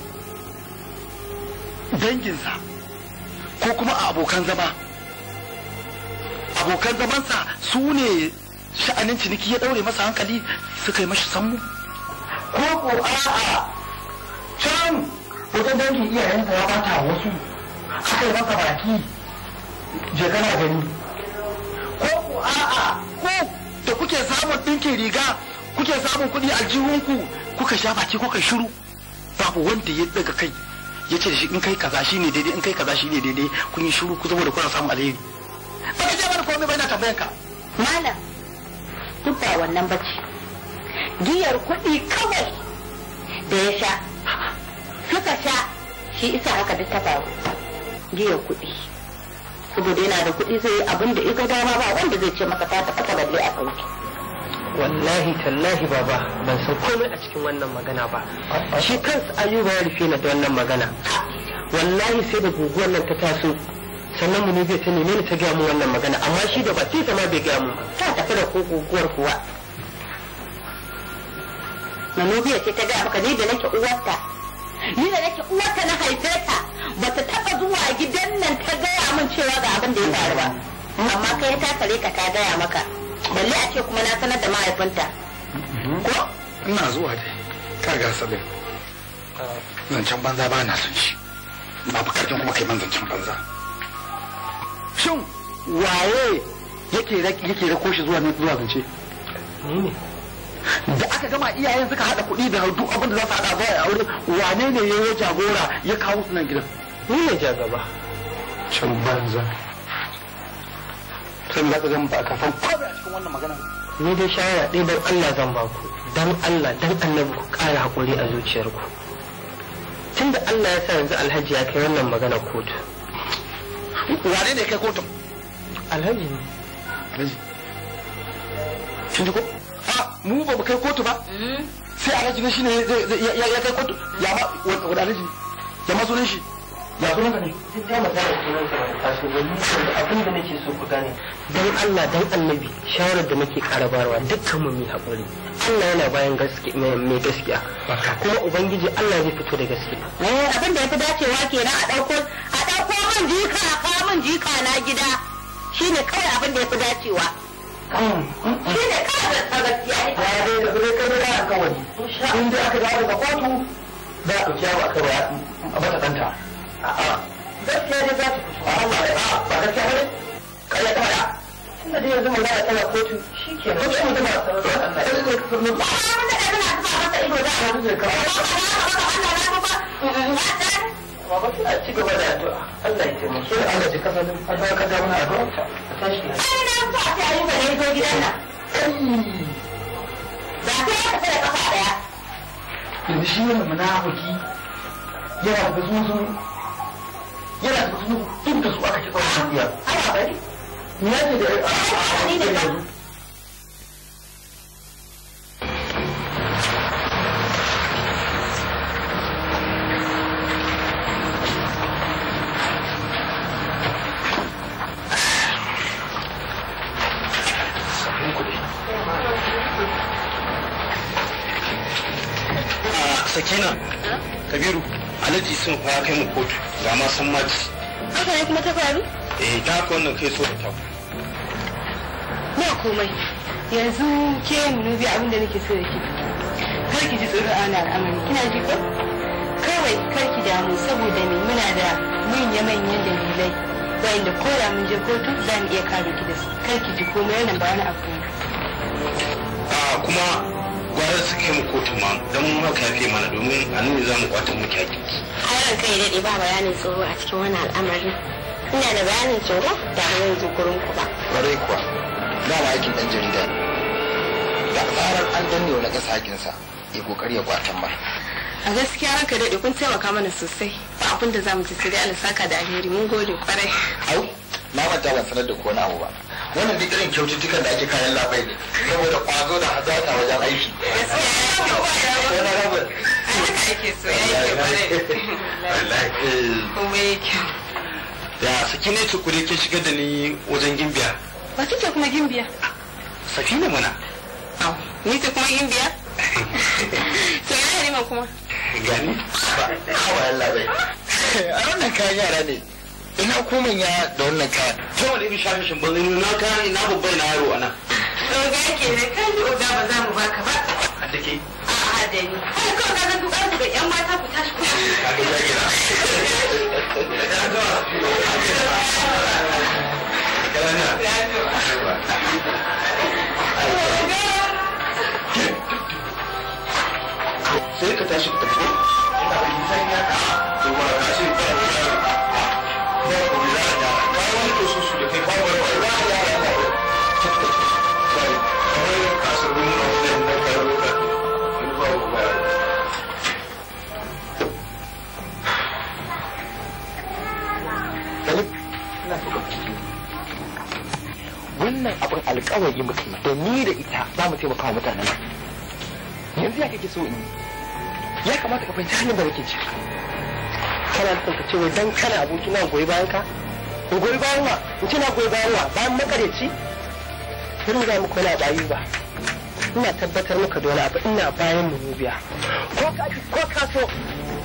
danginsa ko kuma a abokan zama abokan zamansa su ne sha'anin ciniki ya daure masa hankali suka yi mashi sammu ko ko a'a can wajen dangin iyayensa ya bata wasu aka yi masa baki je kana gani ko ko a'a ko da kuke samun dinkin riga kuke samun kuɗi jihunku kuka sha baki kuka shiru babu wanda ya daga kai ya ce da shi in kai kaza shi ne daidai in kai kaza shi ne daidai kun yi shiru ku saboda kuna samun alheri ba ka je mana komai ba ina tambayanka malam duk ba wannan bacci giyar kuɗi kawai da ya sha suka sha shi isa haka duk ta faru giyar kuɗi saboda yana da kuɗi zai yi abin da ga dama ba wanda zai ce maka ta taɓa balle a kanki wallahi tallahi baba ban san komai a cikin wannan magana ba shi kansa ayuba ya rufe na da wannan magana wallahi sai da guguwar nan ta taso sannan mu ne zai ta neme ta gaya mu wannan magana amma shi da ba sai ma bai gaya mu ta tafi da ko guguwar kuwa namibia ce ta gaya maka ni da nake uwarta. Ni da nake uwarta na haife ta ba ta taɓa zuwa gidan nan ta gaya min cewa ga abin da ya faru ba. Amma kai ta kare ka ta gaya maka. Balle a ce kuma na sanar da mahaifinta. Mhm. Ko? Ina zuwa dai. ga sabbin ah. Zancen banza ba na son shi. ba karfin kuma kai man zancen banza. Shin waye yake rako shi zuwa zuwa zance? Ni ne. da aka gama iyayen suka hada kuɗi da duk abin da za su hada ba a aure wane ne ya yi jagora ya kawo su nan gidan ni ne ja gaba can banza sun za ka zama ba ka san kwabe a cikin wannan magana ni dai shawara ɗaya don Allah zan ba ku dan Allah dan annabi ku ƙara haƙuri a zuciyarku tunda Allah ya sa yanzu alhaji ya kai wannan magana kotu wane ne kai kotu alhaji ne alhaji kin ko a mu ba mu kai kotu ba mm-hmm. sai shi ne ya kai kotu ya ma wani alhaji ya ma sunan shi ya kuma ne duk da magana sunan sa ba ta so ba ni abin da nake so ku gane dan Allah dan annabi shawarar da nake karabarwa dukkan mu mu hakuri Allah yana bayan mai gaskiya kuma ubangiji Allah zai fito da gaskiya eh, abin da ya fi dacewa kenan a dauko a dauko man jika a kawo man jika na gida shine kawai abin da ya fi dacewa shi ne kada gaskiya ne ba ya dai da zai kai da kawai. in dai aka dawo daga kotu za a ɗauki a kai a mata kanta gaskiya ne za su Allah ya ba gaskiya ne kai ya kada tunda dai yanzu magana tana kotu shi ke nan kuma tana sauran Allah ya mun ba mun da kana zuba masa ido da a zuwa ka ba ba ba ba ba ba ba ba Baba suna ci gaba da addu'a. Allah ya taimake mu. Allah ya kafa din fasa ka ga muna addu'a. A tashi na. Sai na fita a tare da ne zo gidan nan. Ba sai ya fita kafa daya. Yanzu shi yana munafiki. Yana da zuzu. Yana da zuzu duk da su aka ci tsawon biya. Ana bari. Ni ya ce da ni da sakina kabiru alhaji sun ya kai mu kotu ga ma san maci haka ne kuma ta faru eh ta haka wannan kai so ta ba komai yanzu ke mu nubi abin da nake so da ke kar ki ji tsoro ana al'amari kina ji ko kawai kar ki damu saboda ne muna da manya manyan dalilai wanda ko da mun je kotu za mu iya kare ki da su kar ki ji komai nan ba wani abu ne ah, kuma gwara su kai mu ma don mu ya kai mana domin a nuna za mu kwata muke hakiki har kai daɗe ba bayanin tsoro a cikin wani al'amarin ina da bayanin tsoro da hanyar zo ku ba kwarai kuwa dama aikin ɗan jarida da tsarar an danne wani ƙasa hakinsa ya kokari ya kwatan ma a gaskiya ranka daɗe kun taimaka mana sosai ba abin da za mu ci sai dai alisaka da alheri mun gode kwarai au na mata ban sanar da ku wani abu ba wannan duk irin kyaututtukan da ake kayan labai ne saboda kwazo da hazata wajen aiki ya saki ne ce kuri ke shigar da ni wajen gimbiya ba ce kuma gimbiya saki ne muna ni ce kuma gimbiya sai ya ma kuma gani ba kawai labai a wannan kayan yara ne ina hukuman ya da wannan kayan ta wani ibi shafi shin na kayan ina babban na yaro ana ke ne kan baka ba a dake a da ga zan daga yan mata ku sai ka tashi ka tafi Ina da ya ka, ko ba shi wannan abin alkawari muka yi da ni da ita za mu taimaka wa mutanen yanzu ya kake so in ya kamata ka fahimci halin da nake ci kana da ka ce dan kana aboki na goyi bayan ka ko goyi bayan wa in ce na goyi bayan wa bayan makareci kuma za mu kula da ba ina tabbatar maka da wani abu ina bayan mu biya ko ka ko ka so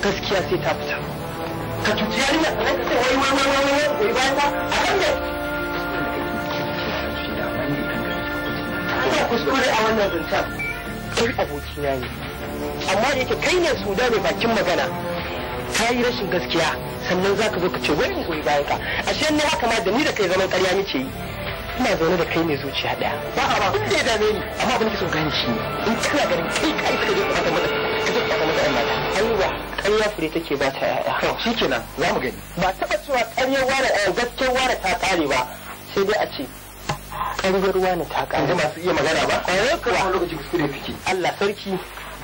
gaskiya sai ta fita ka tuci yarinya ka ce wai wai wai wai goyi bayan ka a kan kana kuskure a wannan zuntar kai abokina ne amma da yake kai ne suda mai bakin magana ka yi rashin gaskiya sannan za ka zo ka ce wai in goyi bayan ka ashe ne haka ma da ni da kai zaman ƙarya muke yi ina zaune da kai ne zuciya daya ba a ba kun da ya dame ni amma abin da so gane shi in kana garin kai kai suka je ka mata ka je ka mata ɗan aiwa ƙarya fure take ba ta yaya shikenan za mu gani ba taɓa cewa ƙarya ware eh, gaskiyar ware ta ƙare ba sai dai a ce ƙarfin ruwa ne ta ƙara. masu iya magana ba. Ƙwarar kuwa. lokaci kuskure suke. Allah sarki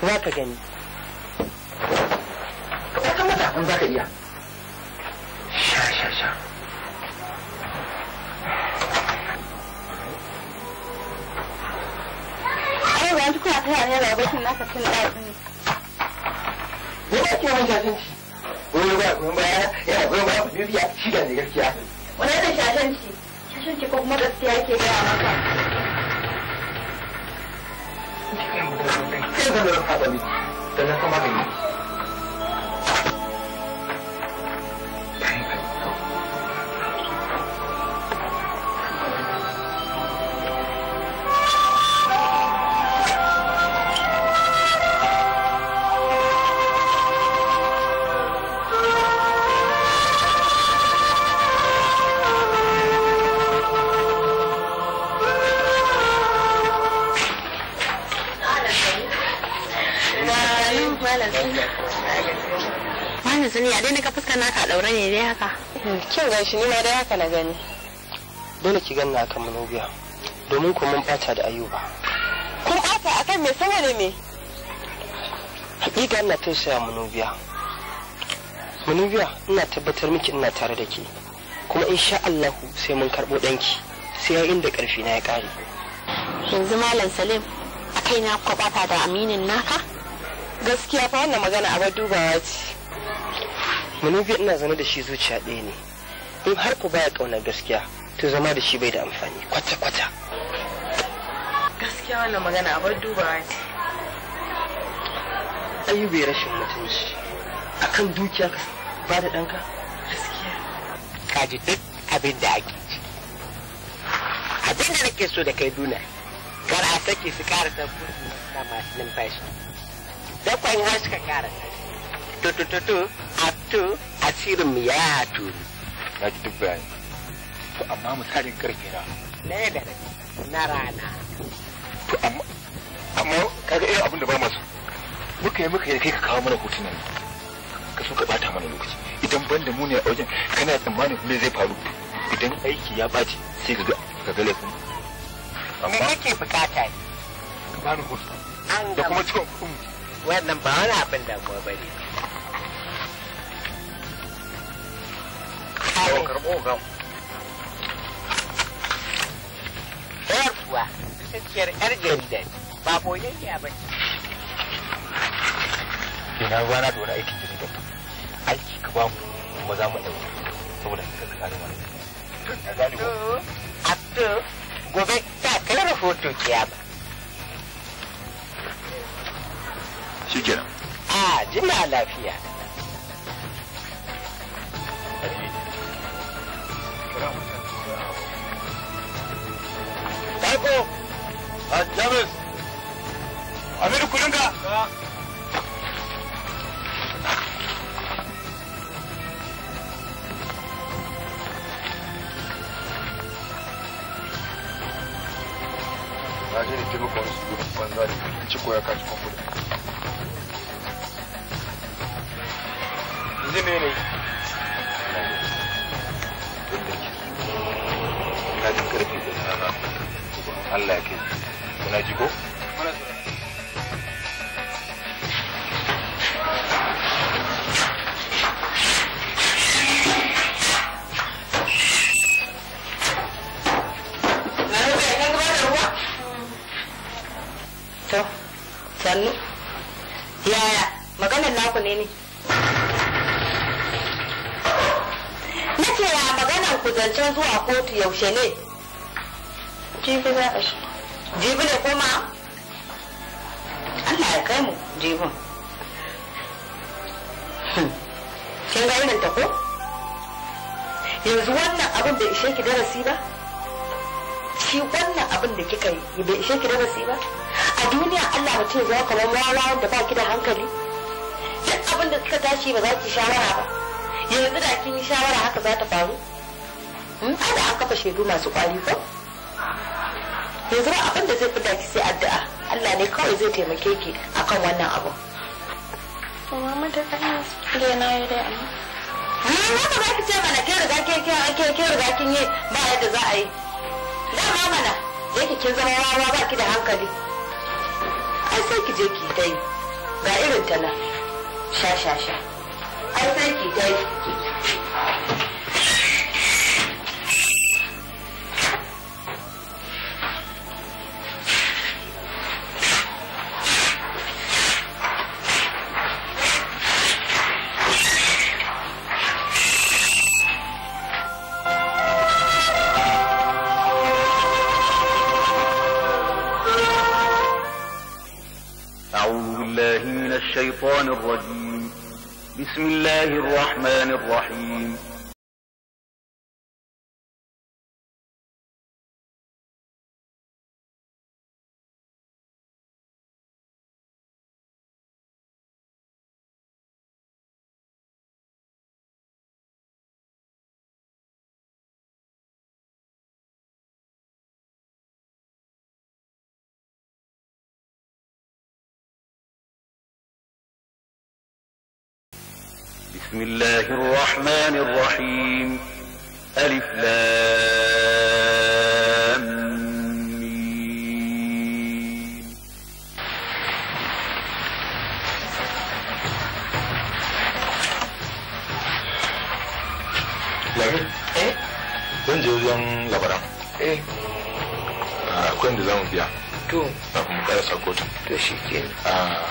za ka gani. Ka mata kun za ka iya. Sha sha sha. Kai yanzu kuna da abokin nasa cin daɗi. Ne ba ke wani jajinci. Wani ba kuma ba yana kuma ba ya shi da ne gaskiya. Wani da jajinci. cikin ki ko kuma gaskiya ke gaya maka. Kin zama da na kama da yi ni sani a dai na ka fuska ka daura ne dai haka hmm, kin ganshi ni ma dai haka na gani dole ki ganna akan manobiya domin ku mun bata da ayuba kun bata akan me saboda me hakika ina tausaya manobiya manobiya ina tabbatar miki ina tare da ke kuma insha Allahu sai mun karbo danki sai ya inda karfi na ya kare yanzu malam salim a kaina ku bata da aminin naka gaskiya fa wannan magana abar dubawa ce manufi ina zama da shi zuciya ɗaya ne in har ku baya ƙauna gaskiya to zama da shi bai da amfani kwata-kwata gaskiya wannan magana abar dubawa yi bai rashin mutunci akan dukiya ka ba da ɗanka gaskiya ka ji duk abin da ake ci abin da nake so da kai duna kar a sake su karasa kuma masu numfashi dakon har suka karasa tutututu atu asirin mu ya turu na ji duk bayani to amma misalin karfe na ɗaya da na rana to amma amma kaga iya abin da ba masu muka yi muka yi kai ka kawo mana hutu hotunan ka so ka bata mana lokaci idan ban da mu ne a wajen kana tsammanin me zai faru idan aiki ya ɓaci sai ka ga ka ga laifin amma kake bukata ne ka bani hotunan da kuma cikin kuɗin wannan ba wani abin damuwa ba ne karɓo gam ɗayar yar jarida ba boyayya ba ina rana da wani aikin jarida aiki ka ba mu kuma za mu ɗauka saboda ka kare mana abdu gobe ta kai rahoto kiyama shi kenan a ah, jima lafiya Taco, las llaves. A ver, Curanga. Rajin da taimakon su gudun banzari, ciko ya kaci بسم الله الرحمن الرحيم ألف لام ميم ايه بنتو يوم لبرا ايه اه كوين دزام فيها تو اه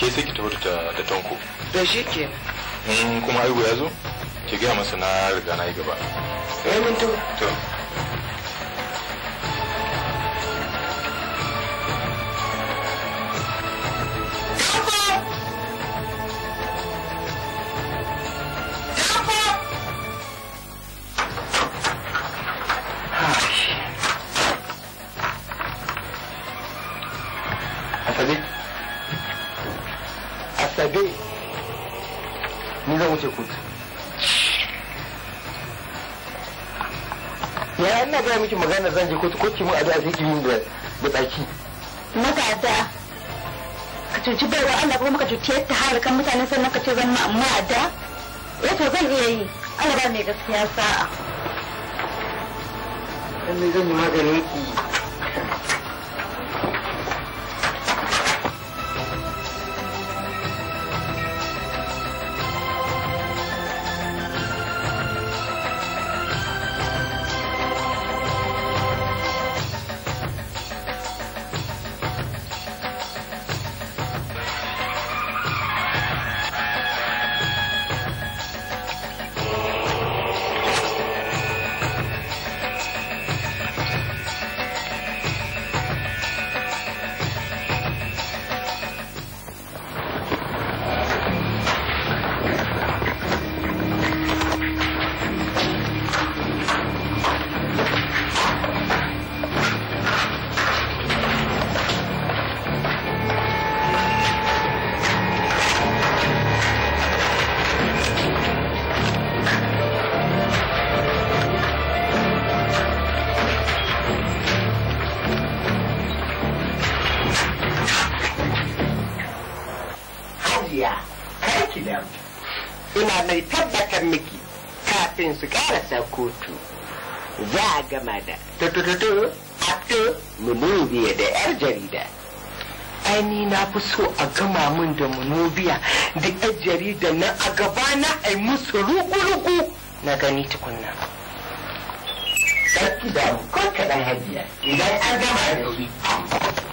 كيف تكتبوا تتونكو؟ بشي kuma aibu ya zo ki gaya masa na riga na yi gaba. Eh, to. magana zan je kotu kotu mu a sai kiyin da da tsaki matasa ka bai baiwa Allah kuma ka cuci ta halakan mutane sannan ka ce zan ma amma da eh to zan iya yi Allah ba mai gaskiya sa'a dan zan maganin ki gama da tutututu abdu munubiya da yar jarida ai ni na fi so a gama min da munubiya da yar jarida na a gaba na a musu rugu-rugu na gani tukunna Sarki da mu, kawai kaɗan hajiya, idan an gama da shi.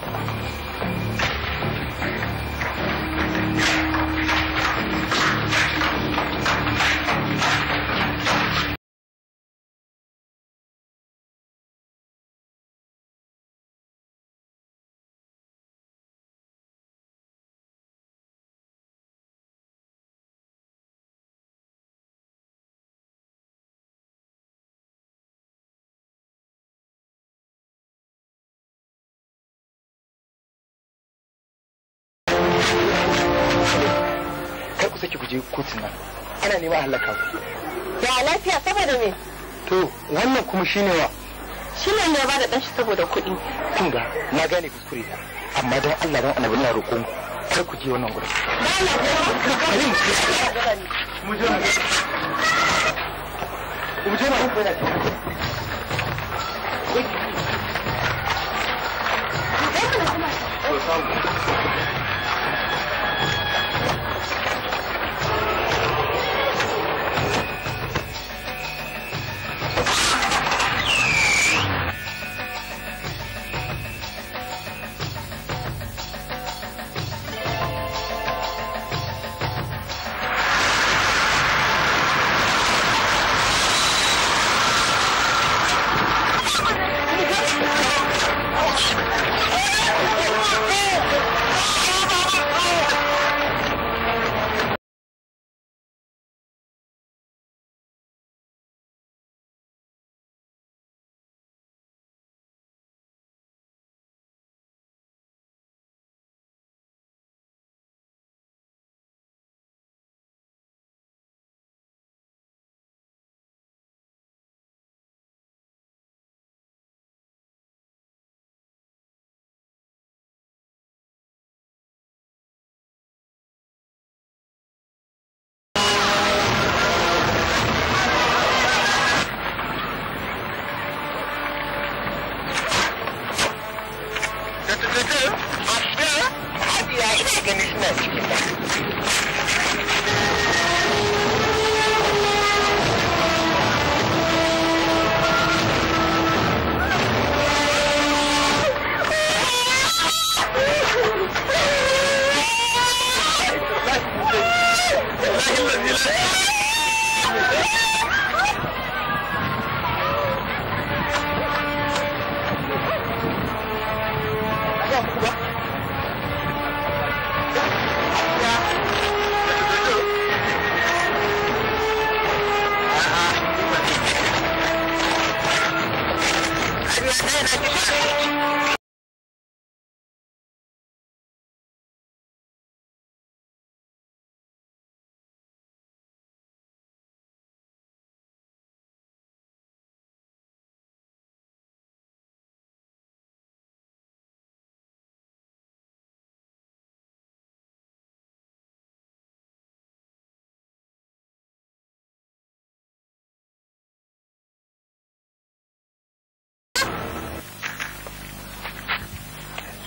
je kotuna ana neman halaka ku ya lafiya saboda me to wannan kuma shine wa shine ne ba da dan shi saboda kuɗi kin ga na gane kuskure da amma dan Allah dan annabi na roƙon kar ku je wannan gurin Thank you.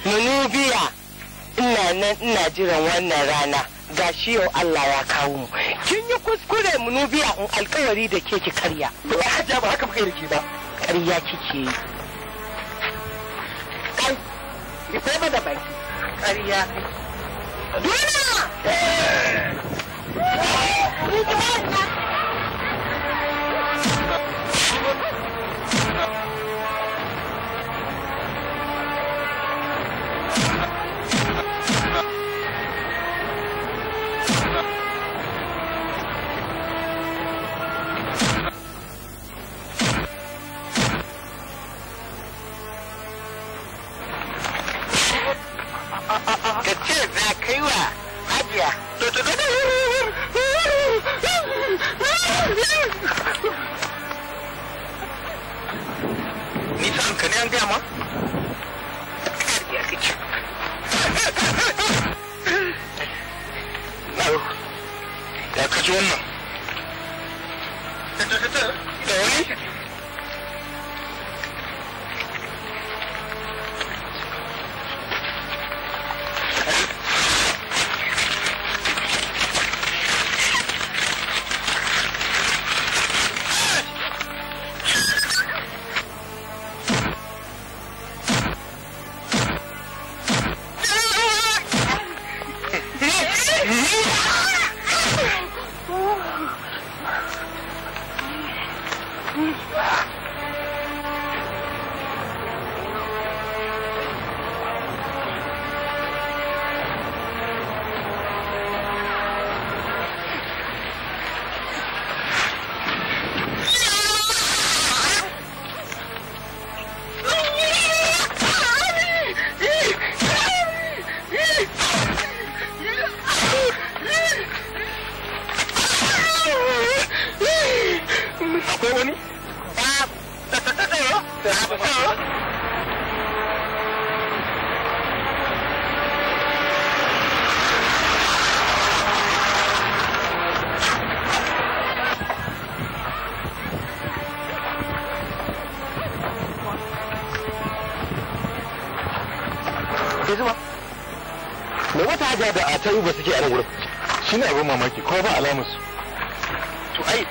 manubiya ina nan ina jiran wannan rana ga shi yau Allah ya kawo mu kin yi kuskure manubiya in alkawari da ke ki karya ba hajja ba haka ba kai ba karya kike yi kai ki ba da baki karya duna za kai wa hajiya to ka ne an gaya ma ya kici ya kaji wannan da wani haja da a ta ba suke a nan wurin shi ne abin mamaki ko ba alamus to ai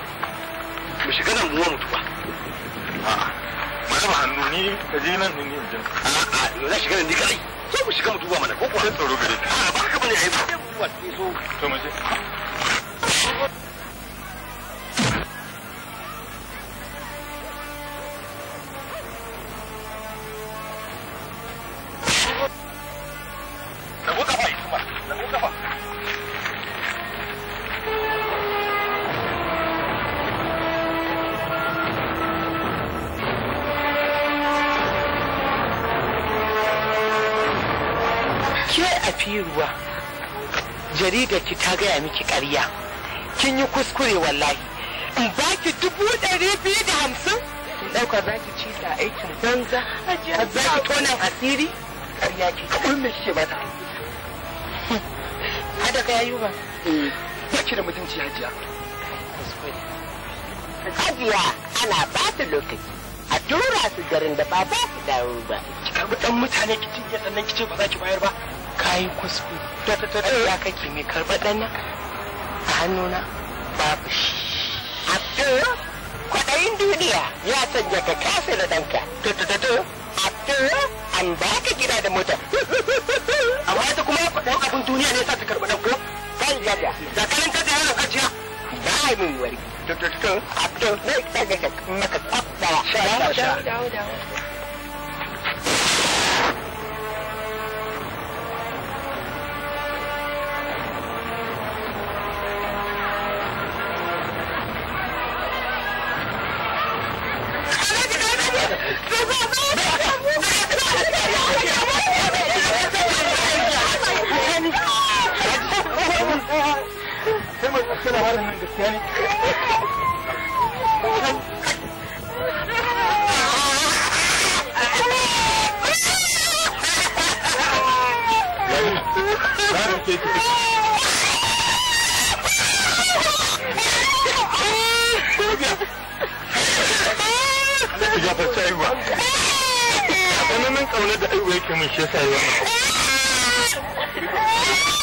mu shiga nan mu mutu ni ka je nan din yanzu a'a yau za shiga nan ni kadai sai shiga mu duba mana ko kuwa sai gare a ba haka bane ai ba to mu da ki ta gaya miki ƙarya kin yi kuskure wallahi in ki dubu ɗari biyu da hamsin ɗauka za ki ci ta aikin banza za ki tonan asiri ƙarya ki kawai mai shi mata hada ka yayu ba eh, ba ki da mutunci hajiya hajiya ana ba ta lokaci a tura su garin da ba za su dawo ba ki karɓi ɗan mutane ki cinye sannan ki ce ba za ki bayar ba yi kuskure ya kake mai karɓar ɗan a hannuna babu shi abdu kwaɗayin duniya ya sanya ka kasa da ɗanka abdu an ba ka gida da mota amma ita kuma ya kwaɗayin abin duniya ne sa ta karɓi ɗan ko kan da zakarin ta da hana kaciya ba yi min wari abdu ne ɗaga ka maka tsaf ما يدخلها ولا من الثاني Ana min kauna da aiwa yake mun shi yasa yawa.